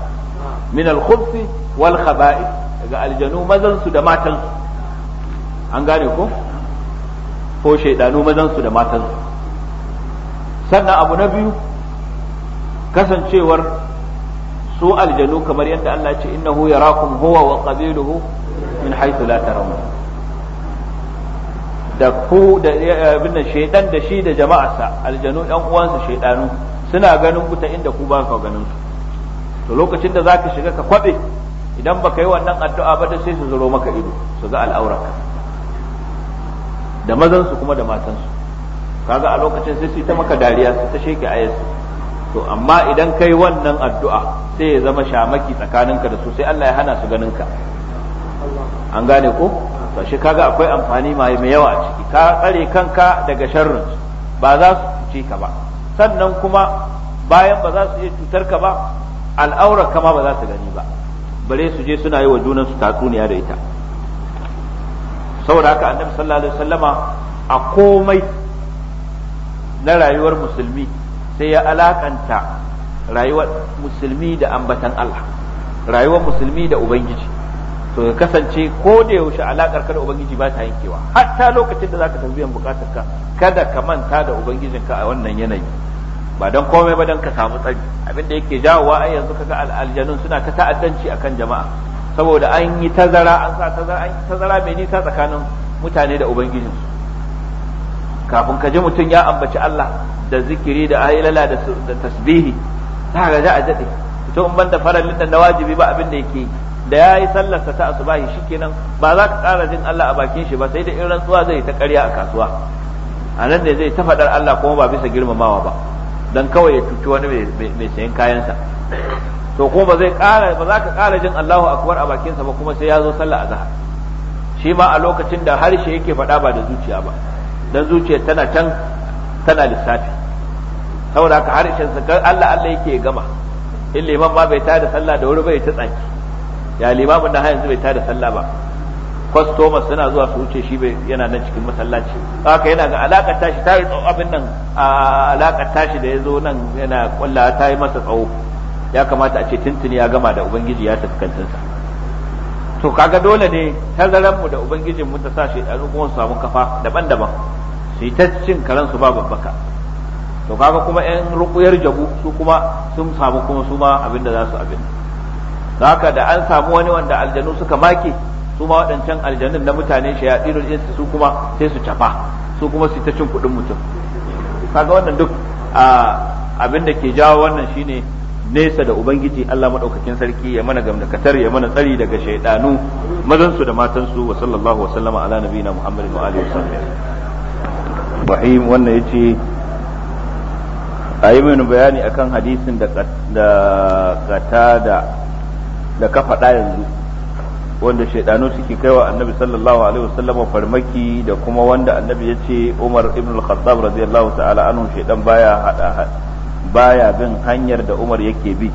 min al khubthi wal khaba'i daga aljanu mazan su da matan su an gane ko ko shaidanu mazan su da matan su sannan abu na biyu kasancewar su aljanu kamar yadda Allah ce innahu yarakum huwa wa qabiluhu min haythu la tarawun da ku da abin shaydan da shi da jama'arsa aljanu ɗan uwansa shaydanu suna ganin ku ta inda ku ba ka ganin su to lokacin da zaka shiga ka kwabe idan baka yi wannan addu'a ba da sai su zuro maka ido su ga al'auraka da mazansu kuma da matansu kaga a lokacin sai su ta maka dariya su ta sheke ayyansu to amma idan kai wannan addu'a sai ya zama shamaki tsakaninka da su sai Allah ya hana su ganin ka an gane ko to shi kaga akwai amfani mai yawa a ciki ka tsare kanka daga sharrin ba za su cuce ka ba sannan kuma bayan ba za su iya cutar ka ba al'aurar kama ba za su gani ba bare su je suna yi wa junan su tatsuniya da ita saboda haka annabi sallallahu alaihi wasallama a komai na rayuwar musulmi sai ya alakanta rayuwar musulmi da ambatan Allah rayuwar musulmi da ubangiji to ka kasance ko da yaushe alakar ka da ubangiji ba ta yankewa hatta lokacin da zaka tafi bukatar ka kada ka manta da ka a wannan yanayi ba dan komai ba dan ka samu tsari abinda yake jawowa a yanzu kaga aljanun suna ta ta'addanci akan jama'a saboda an yi tazara an sa tazara an yi tazara mai nisa tsakanin mutane da ubangijinsu kafin ka ji mutum ya ambaci Allah da zikiri da ayyala da tasbihi ta ga za a jade to in banda farallin da wajibi ba abin da yake da yayi sallar sa ta asubahi shikenan ba za ka ƙara jin Allah a bakin shi ba sai da irin rantsuwa zai ta ƙarya a kasuwa a nan ne zai ta faɗar Allah kuma ba bisa girmamawa ba dan kawai ya cuci wani mai sayan kayansa to kuma ba zai ƙara ba za ka ƙara jin Allahu akbar a bakin sa ba kuma sai ya zo sallar azhar shi ma a lokacin da harshe yake faɗa ba da zuciya ba dan zuciya tana can tana lissafi saboda haka harshen sa Allah Allah yake gama in liman ma bai tada sallah da wuri bai ta tsaki ya limamin da har yanzu bai tada sallah ba Thomas suna zuwa su wuce shi bai yana nan cikin masallaci haka yana ga alakar tashi ta yi abin nan alakar tashi da ya zo nan yana kulla ta yi masa tsawo ya kamata a ce tuntuni ya gama da ubangiji ya tafi kantinsa to kaga dole ne tazaran mu da ubangijin mu ta sa shi a rukun samu kafa daban-daban su yi ta cin karan su ba babbaka to kaga kuma yan rukuyar jabu su kuma sun samu kuma su ma abinda za su abin da haka da an samu wani wanda aljanu suka make su ma waɗancan aljanun na mutane shayatinul insu su kuma sai su tafa su kuma su ta cin kuɗin mutum kaga wannan duk abin da ke jawo wannan shine nesa da ubangiji Allah madaukakin sarki ya mana gamdakatar ya mana tsari daga shaidanu mazan su da matan su wa sallallahu wa sallama ala nabiyina muhammadin wa alihi wa rahim wannan ce a yi mini bayani akan hadisin da kata da ka faɗa yanzu wanda shaidanu suke kaiwa annabi sallallahu alaihi wasallam farmaki da kuma wanda annabi ya ce umar ibn al-khattab radiyallahu ta'ala anhu shaidan baya hada baya bin hanyar da umar yake bi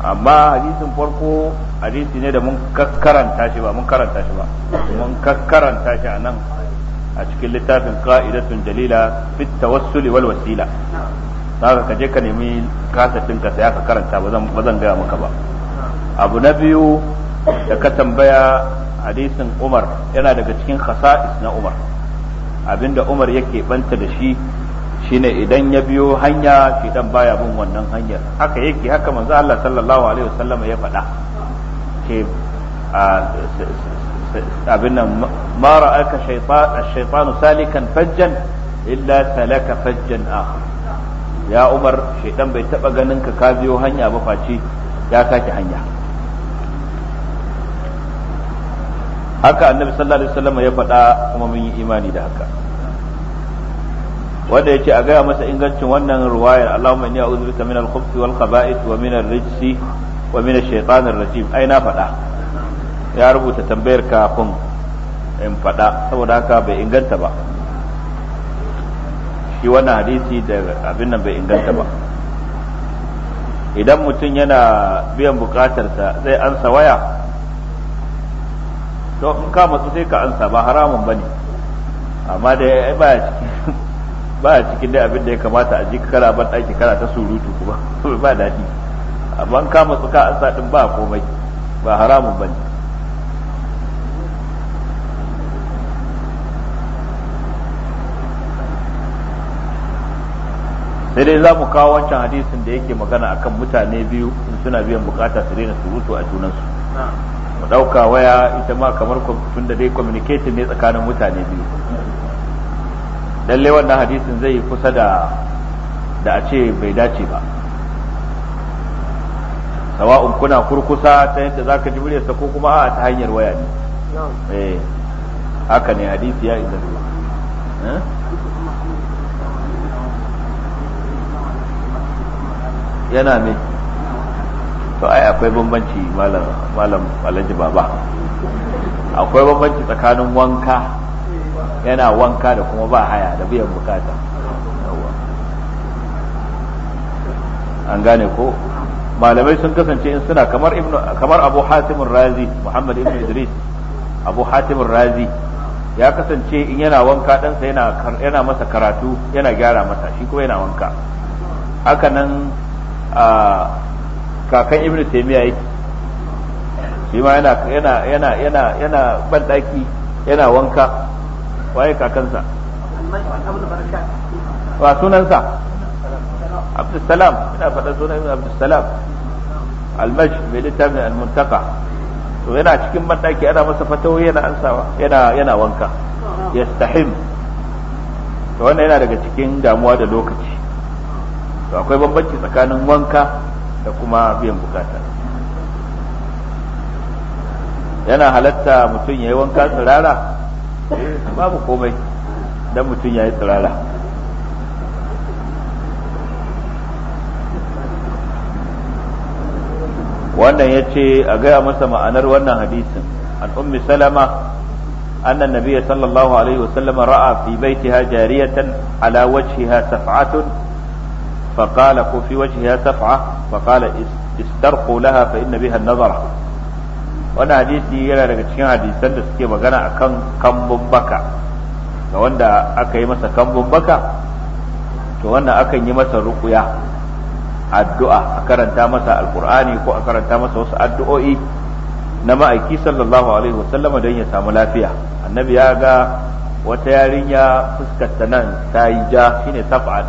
amma hadisin farko hadisi ne da mun karanta shi ba mun karanta shi ba mun karanta shi a nan a cikin littafin kaidatun jalila fit tawassuli wal wasila saka ka je ka nemi kasatin ka sai ka karanta ba zan ba gaya maka ba abu na biyu da ka tambaya hadisin Umar yana daga cikin khasa'is na Umar abinda Umar yake banta da shi shine idan ya biyo hanya shi dan baya bin wannan hanyar haka yake haka manzo Allah sallallahu alaihi wasallam ya faɗa ke abin nan ma ra'aka shaytanu salikan fajjan illa fajjan akhar ya umar shaitan bai taba ganin ka ka biyo hanya ba face ya sake hanya haka annabi sallallahu alaihi wasallam ya faɗa kuma mun yi imani da haka wanda yace a gaya masa ingancin wannan ruwayar Allahumma inni a'udhu bika min al-khubuthi wal khaba'ith wa min ar-rijsi wa min ash-shaytanir rajim ai na faɗa ya rubuta tambayar kafin in faɗa saboda haka bai inganta ba shi wannan hadisi da abin nan bai inganta ba idan mutum yana biyan bukatarsa zai ansa waya to in ka matsu sai ka ansa ba haramun ba ne amma da ya baya cikin baya cikin dai abin da ya kamata a ji kara ban ɗaki kara ta surutu kuma ba daɗi amma in ka matsu ka ansa ɗin ba komai ba haramun ba ne sai dai za mu kawo wancan hadisin da yake magana akan mutane biyu in suna biyan bukata su daina surutu a junansu mu ɗauka waya ita ma kamar tun da dai communicating ne tsakanin mutane biyu lallai wannan hadisin zai kusa da da a ce bai dace ba sawa'un kuna kurkusa ta yadda za ka ji muryarsa ko kuma a ta hanyar waya ne eh, haka ne hadisi ya inganta eh? yana ne to ai akwai bambanci malam alhaji baba akwai bambanci tsakanin wanka yana wanka da kuma ba haya da biyan bukata an gane ko malamai sun kasance in suna kamar kamar abu hatimin razi muhammad ibn idris abu hatimin razi ya kasance in yana wanka ɗansa yana masa karatu yana gyara masa shi kuma yana wanka haka nan kakan ibn taymiya yake shi ma yana yana yana yana yana ban daki yana wanka waye kakansa wa sunansa abdussalam ina faɗa sunan ibn abdussalam almaj mai littafin almuntaka to yana cikin bandaki ana masa fatawo yana ansawa yana yana wanka yastahim to wannan yana daga cikin damuwa da lokaci to akwai bambanci tsakanin wanka da kuma biyan bukata yana halatta mutum ya yi wanka tsirara eh, babu komai don mutum ya yi tsirara wannan ya ce a gaya masa ma'anar wannan hadisin an ummi salama أن النبي صلى الله عليه وسلم رأى في بيتها جارية على وجهها سفعة فقال وفي وجهها سفعة فقال استرقوا لها فإن بها النظرة وانا حديثي يلا لك تشين حديثا لسكي مغانا أكن كم بكا وانا أكي مسا كم بكا وانا أكي مسا رقيا addu'a a karanta masa alkur'ani ko a karanta masa wasu addu'o'i na ma'aiki sallallahu alaihi don ya samu lafiya annabi ya ga wata yarinya fuskarta nan ta yi ja shine safa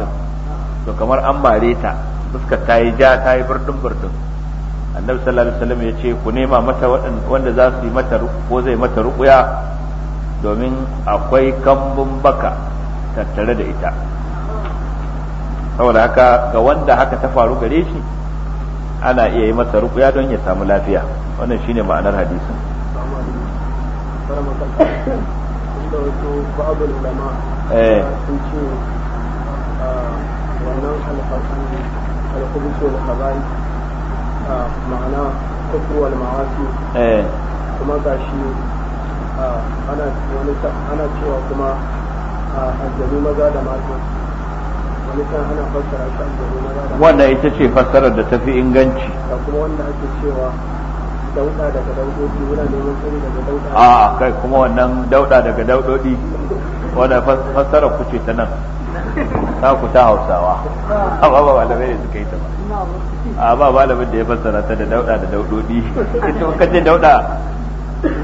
to kamar an mare ta fuskar ta yi ja ta yi burdin burdin annabi sallallahu alaihi wasallam ya ce ku nema mata wanda za su yi mata ko zai mata ruƙuya domin akwai kambun baka tattare da ita saboda haka ga wanda haka ta faru gare shi ana iya yi masa ruƙuya don ya samu lafiya wannan shine ma'anar hadisin eh ah, wannan da kabari a ma'ana kufru wal ma'asi kuma gashi ana ana cewa kuma aljanu maza da mata wani kan ana fassara shi aljanu maza da mata wannan ita ce fassarar da tafi inganci da kuma wanda ake cewa dauda daga daudodi muna neman tsari daga dauda a kai kuma wannan dauda daga daudodi wadda fassara kuce ta nan ta ku ta hausawa amma ba malamai ne suka yi ta ba a ba malamin da ya fassara ta da dauda da daudodi ita ka ce dauda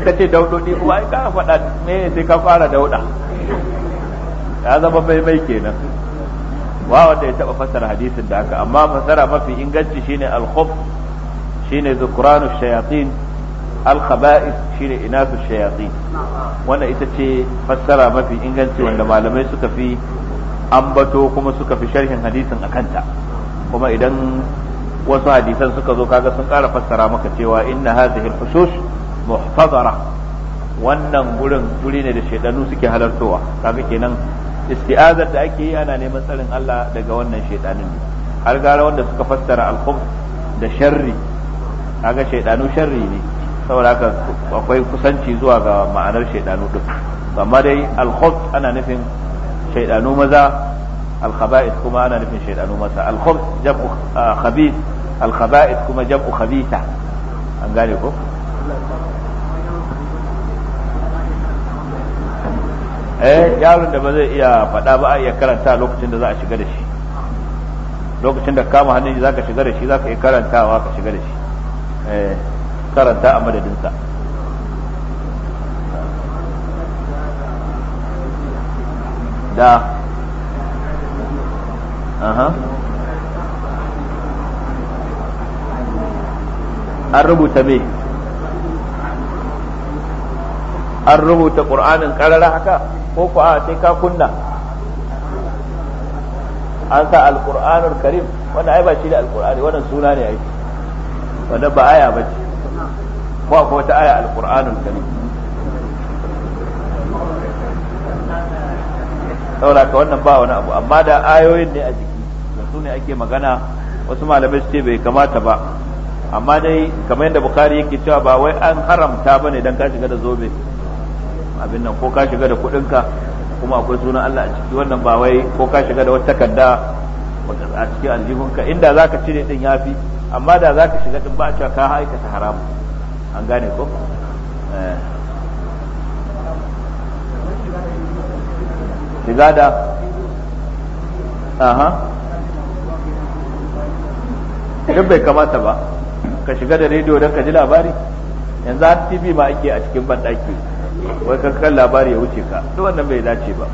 ka ce daudodi kuma ai ka faɗa me sai ka fara dauda ya zama mai mai kenan ba wanda ya taba fassara hadisin da haka amma fassara mafi inganci shine al-khuf shine zukranu shayatin al-khaba'is shine inasu shayatin wannan ita ce fassara mafi inganci wanda malamai suka fi ambato kuma suka fi sharhin hadisin a kanta kuma idan wasu hadisan suka zo kaga sun kara fassara maka cewa inna hadhihi al-husush muhtazara wannan gurin guri ne da shaidanu suke halartowa kaga kenan isti'azar da ake yi ana neman tsarin Allah daga wannan shedanin ne har gara wanda suka fassara al da sharri kaga shaidanu sharri ne saboda haka akwai kusanci zuwa ga ma'anar shaidanu din amma dai al ana nufin shaidanu maza alkhaba'ith kuma ana nufin shaidanu maza al jab'u ah, khabith alkhaba'ith kuma jab'u khabitha an gane ko eh yaron da ba zai iya faɗa ba a iya karanta lokacin da za a shiga da shi lokacin da kama hannun zaka shiga da shi za ka iya karantawa ka shiga da shi eh, karanta a madadinsa da aha an rubuta me an rubuta ƙur'anin ƙarara haka ko ku a sai ka kunna an sa alƙur'anul karim wanda ai ba shi da alƙur'ani wannan suna ne ai wanda ba aya ba ce ko ko ta aya alƙur'anul karim saboda ka wannan ba wani abu amma da ayoyin ne a jiki da su ne ake magana wasu malamai su ce bai kamata ba amma dai kamar yadda bukari yake cewa ba wai an haramta bane dan ka shiga da zobe abin nan ko ka shiga da kuɗinka kuma akwai sunan Allah a ciki wannan ba wai ko ka shiga da wata takarda a cikin aljihunka inda zaka cire din yafi amma da zaka shiga din ba a cewa ka aikata haramu an gane ko eh shiga aha duk bai kamata ba ka shiga da rediyo don ka ji labari yanzu har tv ma ake a cikin banɗaki wai ka kan labari ya wuce ka duk wannan bai dace ba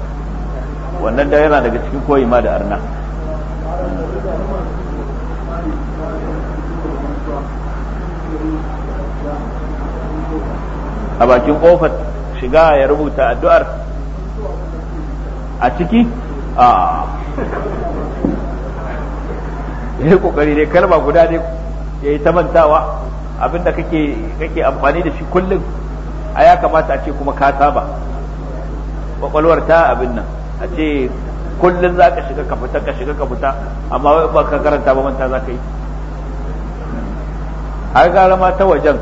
wannan da yana daga cikin koyi ma da arna a bakin kofar shiga ya rubuta addu'ar a ciki a ya yi kokari ne kalma guda ne ya yi tamantawa abinda kake kake amfani da shi kullum a ya kamata a ce kuma ka saba kwakwalwar ta abin nan a ce kullum za ka shiga ka fita ka shiga ka fita amma wai ba ka karanta ba manta za ka yi har gara ma ta wajen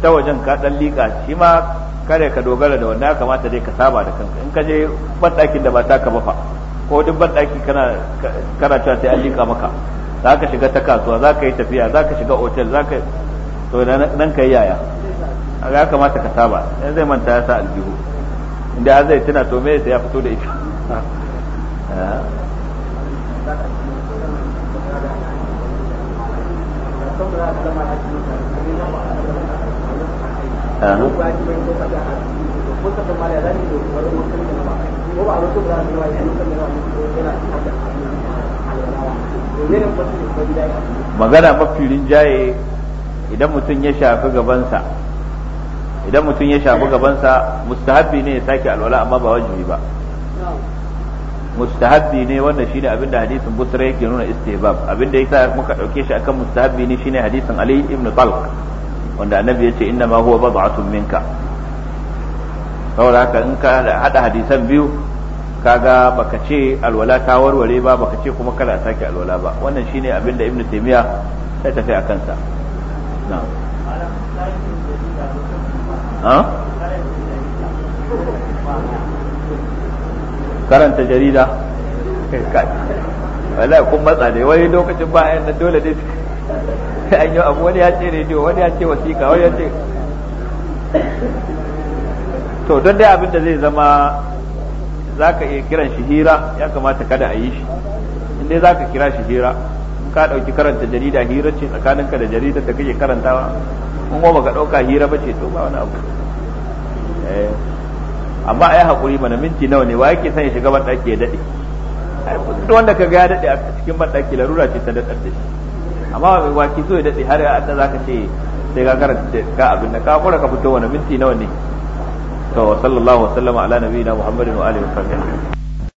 ta wajen ka dan liƙa shi ma kare ka dogara da wanda kamata dai ka saba da kanka in ka je banɗakin da ba taka ba fa ko duk banɗaki kana kana cewa sai an liƙa maka za ka shiga ta kasuwa za ka yi tafiya za ka shiga otel za ka to nan ka yi yaya ya kamata ka saba in zai manta ya sa aljihu inda har zai tuna to me sai ya fito da ita ah. magana mafi rinjaye idan mutum ya shafi gabansa idan mutum ya shafi gabansa mustahabbi ne ya sake alwala amma ba wajibi ba mustahabbi ne wanda shine abin da hadisin busra yake nuna istihbab abin da sa muka dauke shi akan mustahabbi ne shine hadisin ali ibn talq wanda annabi ya ce inna ma huwa bad'atun minka saboda haka in ka hada hadisan biyu kaga baka ce alwala ta warware ba baka ce kuma kada a sake alwala ba wannan shine abinda ibnu taymiya ta tafi a kansa karanta jarida kai kai wala kun matsa ne wai lokacin bayan nan dole dai an yi abu wani ya ce rediyo wani ya ce wasiƙa wani ya ce to don dai abin da zai zama za ka iya kiran shi hira ya kamata kada a yi shi inda za ka kira shi hira in ka ɗauki karanta jarida hira ce tsakaninka da jaridar da kake karantawa in kuma baka ɗauka hira ba ce to ba wani abu eh, amma ai haƙuri mana minti nawa ne wa yake son ya shiga ban ɗaki ya daɗe duk wanda ka ga ya daɗe a cikin ban ɗaki larura ce ta daɗar da shi amma mai waki zo ya dade har ya da zaka ce sai ka karanta ka abin da ka kura ka fito wani minti nawa ne to sallallahu alaihi wa sallama ala nabiyina muhammadin wa alihi wa sahbihi